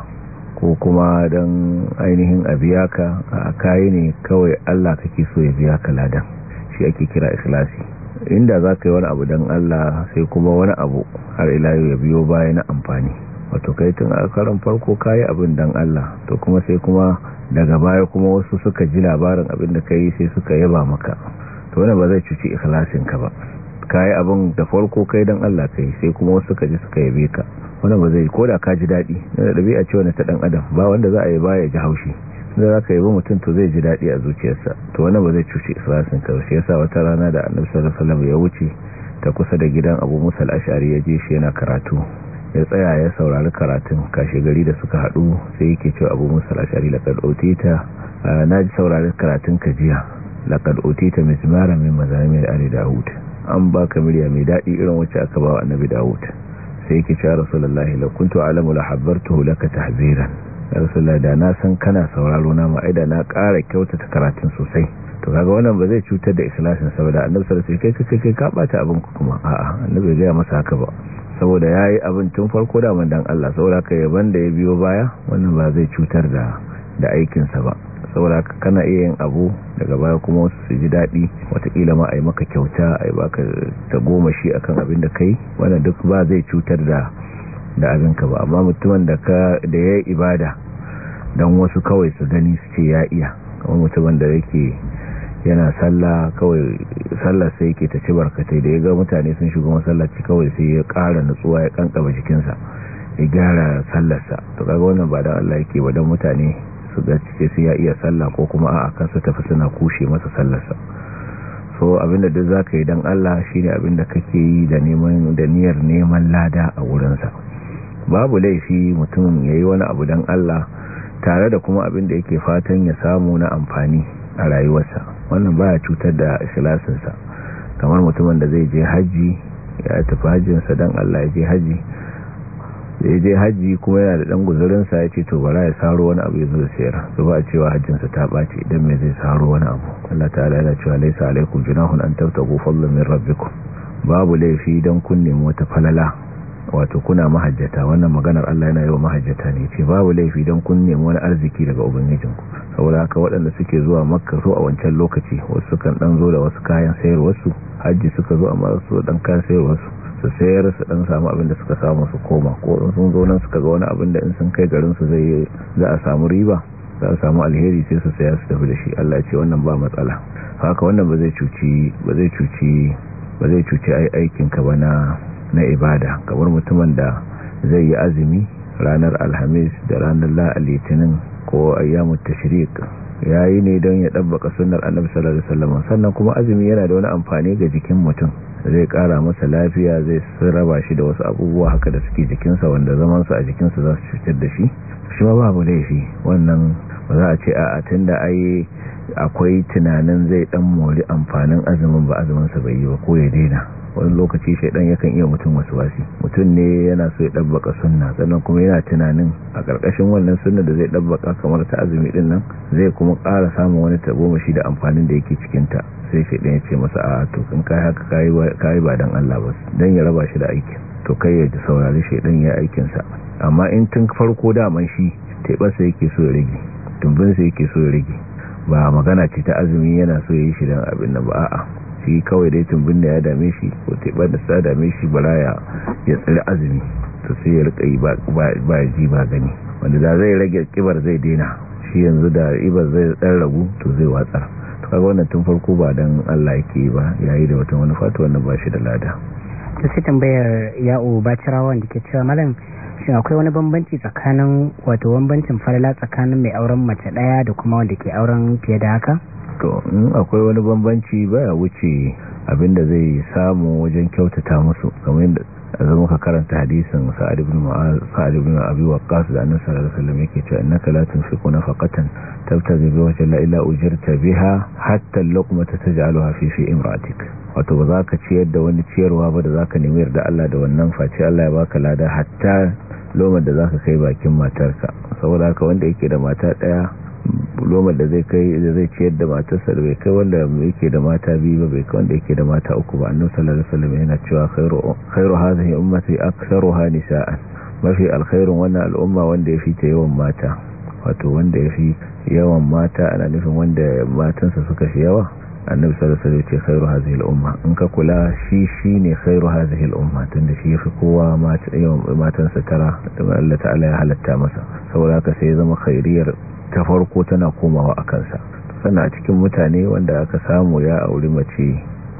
ko kuma don ainihin a biya ka a kayi ne kawai Allah kake so ya biya ka ladan shi ake kira ikhlasi inda za ka yi wani abu don Allah sai kuma wani abu har ilayu ya biyo baya na amfani wato kai tun a karan farko kayi abin don Allah to kuma sai kuma daga baya kuma wasu suka ji labarin abin da ka yi sai suka yaba maka to wani ba zai cuci ikhlasin ba kayi abin da farko kai dan Allah kai sai kuma wasu ka ji suka yabe ka wannan ba zai koda ka ji dadi da dabi'a ce wannan ta dan adam ba wanda za a yi baya ji haushi da za ka ba mutum to zai ji dadi a zuciyarsa to wannan ba zai cuce ikhlasin ka shi yasa wata rana da Annabi sallallahu alaihi wasallam ya wuce ta kusa da gidan Abu Musa al-Ash'ari ya je shi yana karatu ya tsaya ya saurari karatun kashe gari da suka hadu sai yake cewa abu musa al'ashari kad utita ah, na ji saurari karatun ka jiya la kad mai tsimarar min mazamir ali dawud an baka murya mai daɗi irin wacce aka ba wa annabi dawud sai yake cewa rasulullahi la kuntu alamu la habartuhu laka tahziran rasulullahi da na san kana sauraro na mu aida na ƙara kyautata karatun sosai to kaga wannan ba zai cutar da islashin saboda annabi sallallahu kai wasallam kai kai ka bata abin ku kuma a'a annabi zai masa haka ba saboda yayi abin tun farko da mandan Allah saboda kai yaban da ya biyo baya wannan ba zai cutar da da aikinsa ba saboda kana iya yin abu daga baya kuma wasu su ji daɗi watakila ma a yi maka kyauta a yi baka ta goma shi a kan abin da kai wannan duk ba zai cutar da da abinka ba amma mutumin da ka ya yi ibada don wasu kawai su gani su ce ya iya kuma mutumin da yake yana sallah kawai sallar sai yake ta ci barkatai da ya ga mutane sun shiga masallaci kawai sai ya ƙara nutsuwa ya kankaba jikinsa ya gyara sallarsa to kaga wannan ba don Allah yake ba dan mutane su ga cike sai ya iya sallah ko kuma a kan su tafi suna kushe masa sallarsa so abinda duk za ka yi don Allah shi ne abinda kake yi da niyyar neman lada a wurinsa babu laifi mutum ya yi wani abu don Allah tare da kuma abinda yake fatan ya samu na amfani a rayuwarsa wannan ba ya cutar da ikilasinsa kamar mutumin da zai je hajji ya tafi hajjinsa don Allah ya je hajji da ya je hajji kuma yana da dan guzurinsa ya ce to bara ya saro wani abu ya zo sayar to ba a cewa hajjinsa ta ɓace idan mai zai saro wani abu Allah ta'ala yana cewa laisa alaikum junahun an tabtagu fadlan min rabbikum babu laifi dan kun nemi wata falala wato kuna mahajjata wannan maganar Allah yana yawa mahajjata ne ce babu laifi dan kun nemi wani arziki daga ubangijinku saboda haka waɗanda suke zuwa makka so a wancan lokaci wasu kan dan zo da wasu kayan sayarwarsu hajji suka zo amma su dan kayan sayarwarsu su sayar su dan samu abin da suka samu su koma ko in sun zo nan suka ga wani abin da in sun kai garin su zai za a samu riba za a samu alheri sai su saya su tafi da shi Allah ce wannan ba matsala haka wannan ba zai cuci ba zai cuci ba zai cuci ai aikin ka ba na ibada kamar mutumin da zai yi azumi ranar alhamis da ranar la ko ayyamut tashriq yayi ne don ya dabbaka sunnar annabi sallallahu alaihi wasallam sannan kuma azumi yana da wani amfani ga jikin mutum zai kara masa lafiya zai raba shi da wasu abubuwa haka da suke jikinsa wanda zaman su a jikinsa za su cutar da shi shi ba babu laifi wannan ba za a ce a tun da ai akwai tunanin zai dan mori amfanin azumin ba azumin sa bai yi ba ko ya daina wani lokaci shaidan yakan iya mutum wasu wasi mutum ne yana so ya dabbaka sunna sannan kuma yana tunanin a karkashin wannan sunna da zai dabbaka kamar ta azumi din nan zai kuma ƙara samun wani tabo mashi da amfanin da yake cikin ta sai shaidan ya ce masa a to kin kai haka kai ba dan Allah ba dan ya raba shi da aikin to kai ya ji saurari shaidan ya aikin sa amma in tun farko da man shi sai yake so ya rage tumbinsa yake so ya rage ba magana ce ta azumi yana so ya yi shi dan abin nan ba a'a shi kawai dai tumbin da ya dame shi ko teɓar da sa dame shi balaya ya tsiri azumi to sai ya rika yi ba ji ba gani wanda da zai rage kibar zai daina shi yanzu da ibar zai ragu to zai watsa to kaga wannan tun farko ba dan Allah yake ba yayi da wata wani fatu wannan ba shi da lada to sai tambayar ba cirawa wanda ke cewa malam shin akwai wani bambanci tsakanin wato bambancin farla tsakanin mai auren mace daya da kuma wanda ke auren fiye da haka to in akwai wani bambanci ya wuce abinda zai samu wajen kyautata musu kamar yadda zama ka karanta hadisin sa'ad ibn mu'az sa'ad ibn abi waqqas da annabi sallallahu alaihi wasallam yake cewa na la tunfiqu nafaqatan tabtaghi bi wajhi la illa ujirta biha hatta al ta taj'aluha fi fi imratik wato ba za ka ciyar da wani ciyarwa ba da za ka nemi yarda Allah da wannan face Allah ya baka lada hatta lomar da za ka kai bakin matarka saboda haka wanda yake da mata daya lomar da zai kai da zai ciyar da matarsa da bai kai wanda yake da mata biyu ba bai kai wanda yake da mata uku ba annabi sallallahu alaihi wasallam yana cewa khairu hadhihi ummati aktharuha nisaan mafi alkhairun wannan al'umma wanda yafi ta yawan mata wato wanda yafi yawan mata ana nufin wanda matansa suka fi yawa annabi sallallahu alaihi wasallam ce khairu hadhihi al-umma in ka kula shi shine khairu hadhihi al-umma tunda shi fi kowa matan satara da Allah ta'ala ya halatta masa saboda ka sai zama khairiyar ta farko tana komawa a kansa sannan a cikin mutane wanda aka samu ya auri mace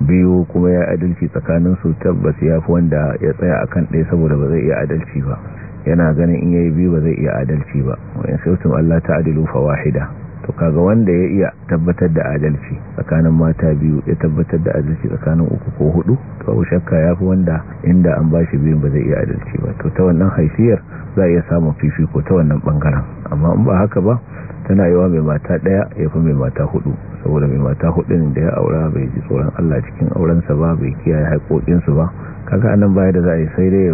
biyu kuma ya adalci tsakanin su tabbas yafi wanda ya tsaya akan ɗaya saboda ba zai iya adalci ba yana ganin in yayi biyu ba zai iya adalci ba wa in sautum Allah ta'dilu wahida to kaga wanda ya iya tabbatar da adalci tsakanin mata biyu ya tabbatar da adalci tsakanin uku ko hudu to abu shakka ya fi wanda inda an ba shi biyun ba zai iya adalci ba to ta wannan haifiyar za a iya samun fifiko ta wannan bangaren amma in ba haka ba tana yawa mai mata daya ya fi mai mata hudu saboda mai mata hudun da ya aura bai ji tsoron allah cikin aurensa ba bai kiyaye haƙoƙinsu ba kaga anan baya da za a yi sai dai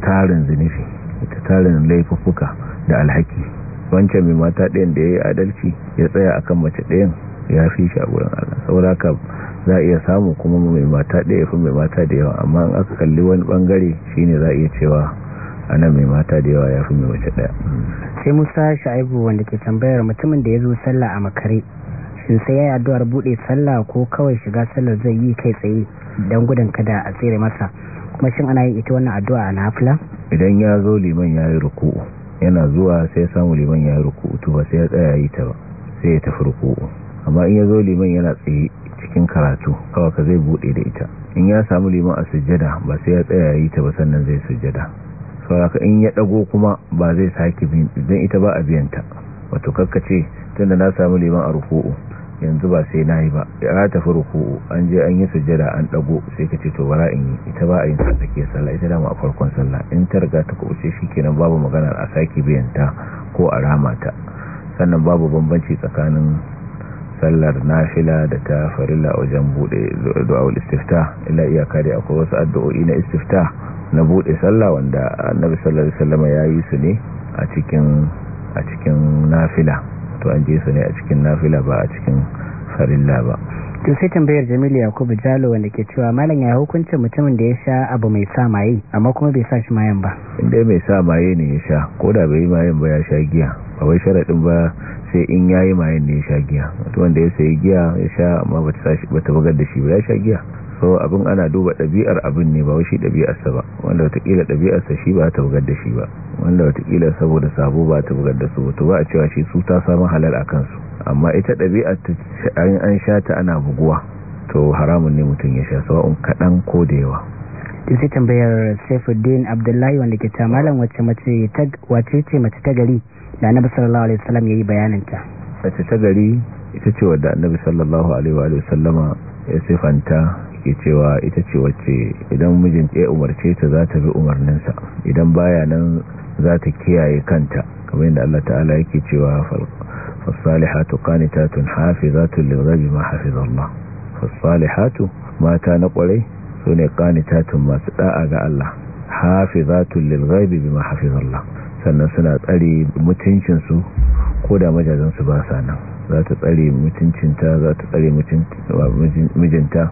tarin zunufi ta tarin laifuffuka da alhaki wancan mai mata ɗayan da ya yi adalci ya tsaya a kan mace ɗayan ya fi shi a wurin allah sauraka za a iya samu kuma mai mata ɗaya fi mai mata da yawa amma in aka kalli wani ɓangare shine za a iya cewa ana mai mata da yawa ya fi mai mace ɗaya sai musa sha'ibu wanda ke tambayar mutumin da ya zo sallah a makare shi sai ya yi addu'ar buɗe sallah ko kawai shiga sallar zai yi kai tsaye don gudun kada a tsere masa kuma shin ana yin ita wannan addu'a a nafila idan ya zo liman ya yi ruku'u yana zuwa sai samu liman ya rukutu ba sai ya tsaya yi ta ba sai ya tafi ruku'u amma in ya zo liman yana tsaye cikin karatu kawai ka zai bude da ita in ya samu liman a sujjada ba sai ya tsaya yi ta ba sannan zai sujjada sauraka in ya dago kuma ba zai sake bin idan ita ba a biyan biyanta wato kakkace tunda na samu liman a ruku'u yanzu ba sai nayi ba ya tafi ruku'u an je an yi sujjada an dago sai ka to bara in yi ita ba a yin sa take sallah ita dama a farkon sallah in ta riga ta kuce shikenan babu magana a saki biyanta ko a rama ta sannan babu bambanci tsakanin sallar nafila da ta farilla wajen bude ul istifta illa iyaka da akwai wasu addu'o'i na istifta na bude sallah wanda annabi sallallahu alaihi wasallam yayi su ne a cikin a cikin nafila to an jesa ne a cikin nafila ba a cikin farilla ba to sai tambayar jamilu yakubu jalo wanda ke cewa malam ya hukuncin mutumin da ya sha abu mai sa maye amma kuma bai sa shi mayan ba inda mai sa maye ne ya sha ko da bai yi mayan ba ya sha giya ba wai sharaɗin ba sai in ya yi mayan da ya sha giya wanda ya sayi giya ya sha amma ba ta bugar da shi ba ya sha giya so abin ana duba ɗabi'ar abin ne ba wa shi ɗabi'arsa ba wanda watakila ɗabi'arsa shi ba ta bugar da shi ba wanda watakila saboda sabo ba ta bugar da su ba ba a cewa shi su ta samu halal a kansu amma ita ɗabi'ar an sha ta ana buguwa to haramun ne mutum ya sha sawa'un kaɗan ko da yawa to sai tambayar Saifuddin Abdullahi wanda ke ta malam mace ta wace ce mace ta gari da Annabi sallallahu alaihi wasallam yayi bayanin ta mace ta gari ita ce wadda Annabi sallallahu alaihi ya sifanta ke cewa ita ce wacce idan mijin ya umarce ta za ta bi umarninsa idan baya nan za ta kiyaye kanta kamar yadda Allah ta'ala yake cewa fasalihatu qanitatun hafizatun lirabi ma hafizallah fasalihatu mata na kwarai sune qanitatun masu da'a ga Allah hafizatun lirabi bima hafizallah sannan suna tsare mutuncinsu ko da majazansu ba sa nan za ta tsare mutuncinta za ta tsare mijinta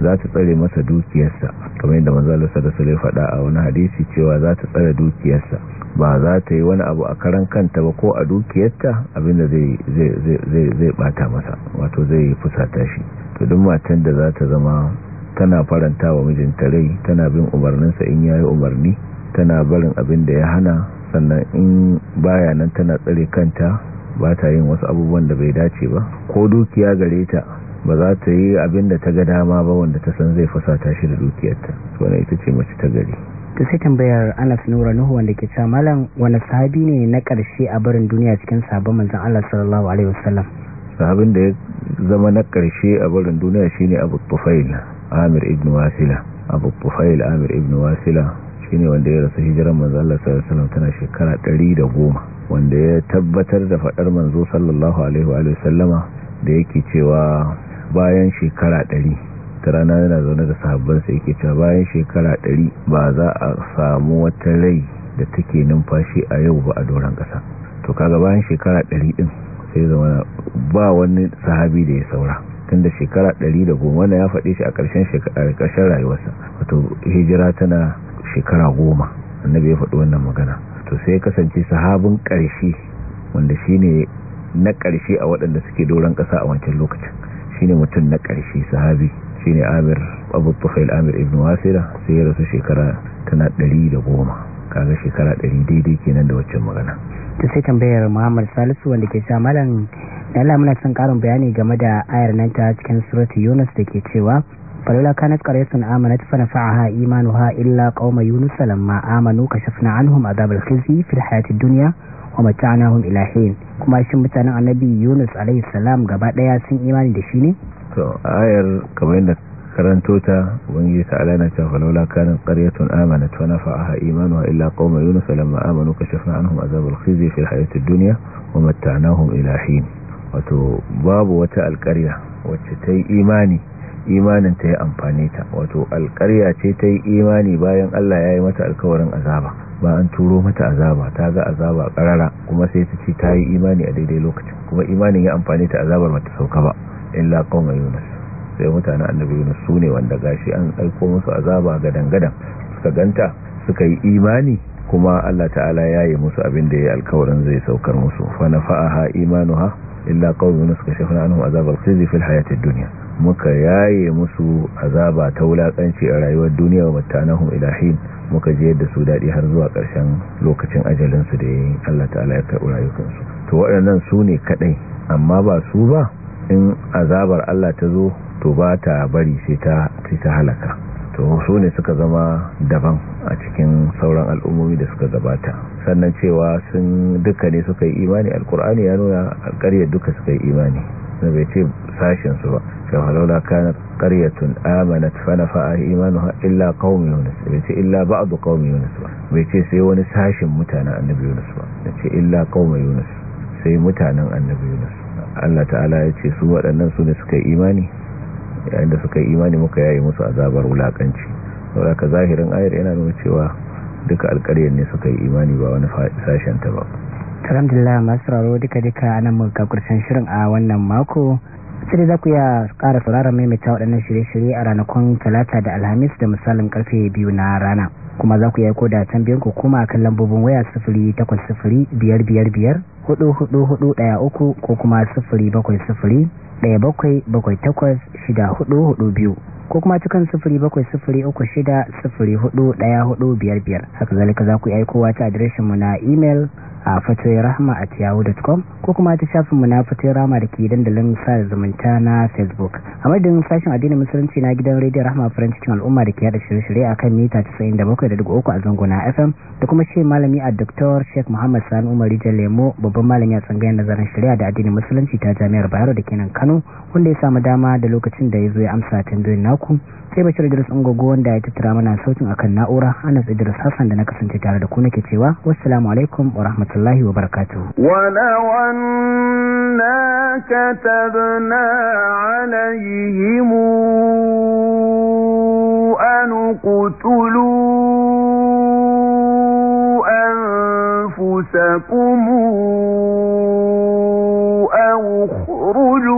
za ta tsare masa dukiyarsa kamar yadda da sulai faɗa a wani hadisi cewa za ta tsare dukiyarsa ba za ta yi wani abu a karan kanta ba ko a dukiyarta abinda zai bata masa wato zai yi fusata shi to duk matan da za ta zama tana faranta wa mijinta rai tana bin umarninsa in ya yi umarni tana barin abin da ya hana sannan in baya nan tana tsare kanta ba ta yin wasu abubuwan da bai dace ba ko dukiya gare ta ba za ta yi abin da ta ga dama ba wanda ta san zai fasata shi da dukiyarta wanda ita ce mace ta gari ta sai tambayar Anas Nura Nuhu wanda ke cewa malam wani sahabi ne na karshe a barin duniya cikin sabon manzon Allah sallallahu alaihi wasallam sahabin da ya zama na karshe a barin duniya shine Abu Tufail Amir ibn Wasila Abu Tufail Amir ibn Wasila ne wanda ya rasu hijiran manzo Allah sallallahu alaihi wasallam tana shekara 110 wanda ya tabbatar da fadar manzo sallallahu alaihi wa sallama da yake cewa bayan shekara 100 tarana yana zaune da sa yake cewa bayan shekara 100 ba za a samu wata rai da take numfashi a yau ba a doran kasa to kaga bayan shekara 100 din sai zama ba wani sahabi da ya saura tunda da shekara 110 wanda ya faɗe shi a ƙarshen rayuwarsa wato hijira tana shekara goma annabi ya faɗi wannan magana to sai ya kasance sahabin ƙarshe wanda shine na ƙarshe a waɗanda suke doron ƙasa a wancan lokacin shine mutum na ƙarshe sahabi shine Amir Abu Tufail Amir ibn wasira sai ya rasu shekara tana ɗari da goma kaga shekara ɗari daidai kenan da waccan magana to sai tambayar Muhammad Salisu wanda ke sa malam Allah muna son karin bayani game da ayar nan ta cikin surati Yunus da ke cewa falula kanat qaryatun amanat fa nafa'aha imanuha illa qauma yunus lamma amanu kashafna anhum adhabal khizi fil hayatid dunya wa mata'nahum ila hin kuma shin mutanen annabi yunus alaihi salam gaba daya sun imani da shi ne to ayar kamar yadda karanto ta ubangiji ta alana ta falawla kana qaryatun amanat wa nafa'aha imanuha illa qauma yunus lamma amanu kashafna anhum wa ila wato babu wata alƙarya wacce ta yi imani imanin ta yi amfani ta wato alƙarya ce ta yi imani bayan Allah ya yi mata alkawarin azaba ba an turo mata azaba ta ga azaba ƙarara kuma sai ta ce ta yi imani a daidai lokacin kuma imanin ya amfani ta azabar mata sauka ba illa qauma yunus sai mutanen annabi yunus su ne wanda gashi an aiko musu azaba gadan gadan suka ganta suka yi imani kuma Allah ta'ala ya yi musu abin da ya alkawarin zai saukar musu fa nafa'aha imanuha illa kawai yunus ka kashafna azabar sai zai fil hayatid duniya. muka yaye musu azaba ta wulakanci a rayuwar duniya wa matanahum ilahin muka je da su daɗi har zuwa ƙarshen lokacin ajalinsu su da yayin Allah ta'ala ya karɓi rayukansu to waɗannan su ne kadai amma ba su ba in azabar Allah ta zo to ba ta bari sai ta ta halaka to su ne suka zama daban a cikin sauran al'ummomi da suka gabata sannan cewa sun duka ne suka yi imani alkur'ani ya nuna ƙaryar duka suka yi imani da bai ce sashen su ba kan halola kana qaryatun amanat fa nafa'a imanuha illa qaum yunus bai ce illa ba'd qaum yunus ba bai ce sai wani sashen mutanen annabi yunus ba da ce illa qaum yunus sai mutanen annabi yunus Allah ta'ala ya ce su waɗannan su ne suka yi imani yayin da suka yi imani muka yayi musu azabar wulakanci saboda ka zahirin ayar yana nuna cewa duka alƙaryar ne suka yi imani ba wani sashen ta ba alhamdulillah masu raro duka duka nan muka karshen shirin a wannan mako sai za ku ya ƙara sauraron ta waɗannan shirye-shirye a ranakun talata da alhamis da misalin karfe biyu na rana kuma za ku ya ko da tambayin ku kuma akan lambobin waya sufuri takwas sufuri biyar biyar biyar hudu hudu hudu ɗaya uku ko kuma sufuri bakwai sufuri ɗaya bakwai bakwai takwas shida hudu hudu biyu ko kuma cikin sufuri bakwai sufuri uku shida sufuri hudu ɗaya hudu biyar biyar haka zalika za ku yi aikowa ta adireshinmu na imel a fatoyin rahama a tiyahu.com ko kuma ta shafinmu na fatoyin rahama da ke dandalin sa zumunta na facebook a madadin sashen addinin musulunci na gidan rediyon rahama farin cikin al'umma da ke yada shirye-shirye a kan mita 97.3 a zanguna fm da kuma shi malami a dr sheikh muhammad sani umar rijal lemo babban malami a tsangayen nazarin shari'a da addinin musulunci ta jami'ar bayero da kenan kano wanda ya samu dama da lokacin da ya zo ya amsa tambayoyin naku sai bashir idris ungogo wanda ya tattara mana sautin akan na'ura anas idris hassan da na kasance tare da ku nake cewa wassalamu alaikum wa rahmatullahi wa barakatuh ولو an أنفسكم أو خرجوا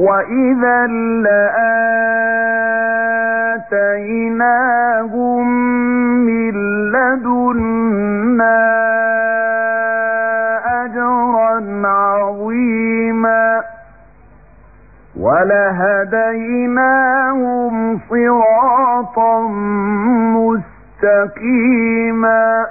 وإذا لآتيناهم من لدنا أجرا عظيما ولهديناهم صراطا مستقيما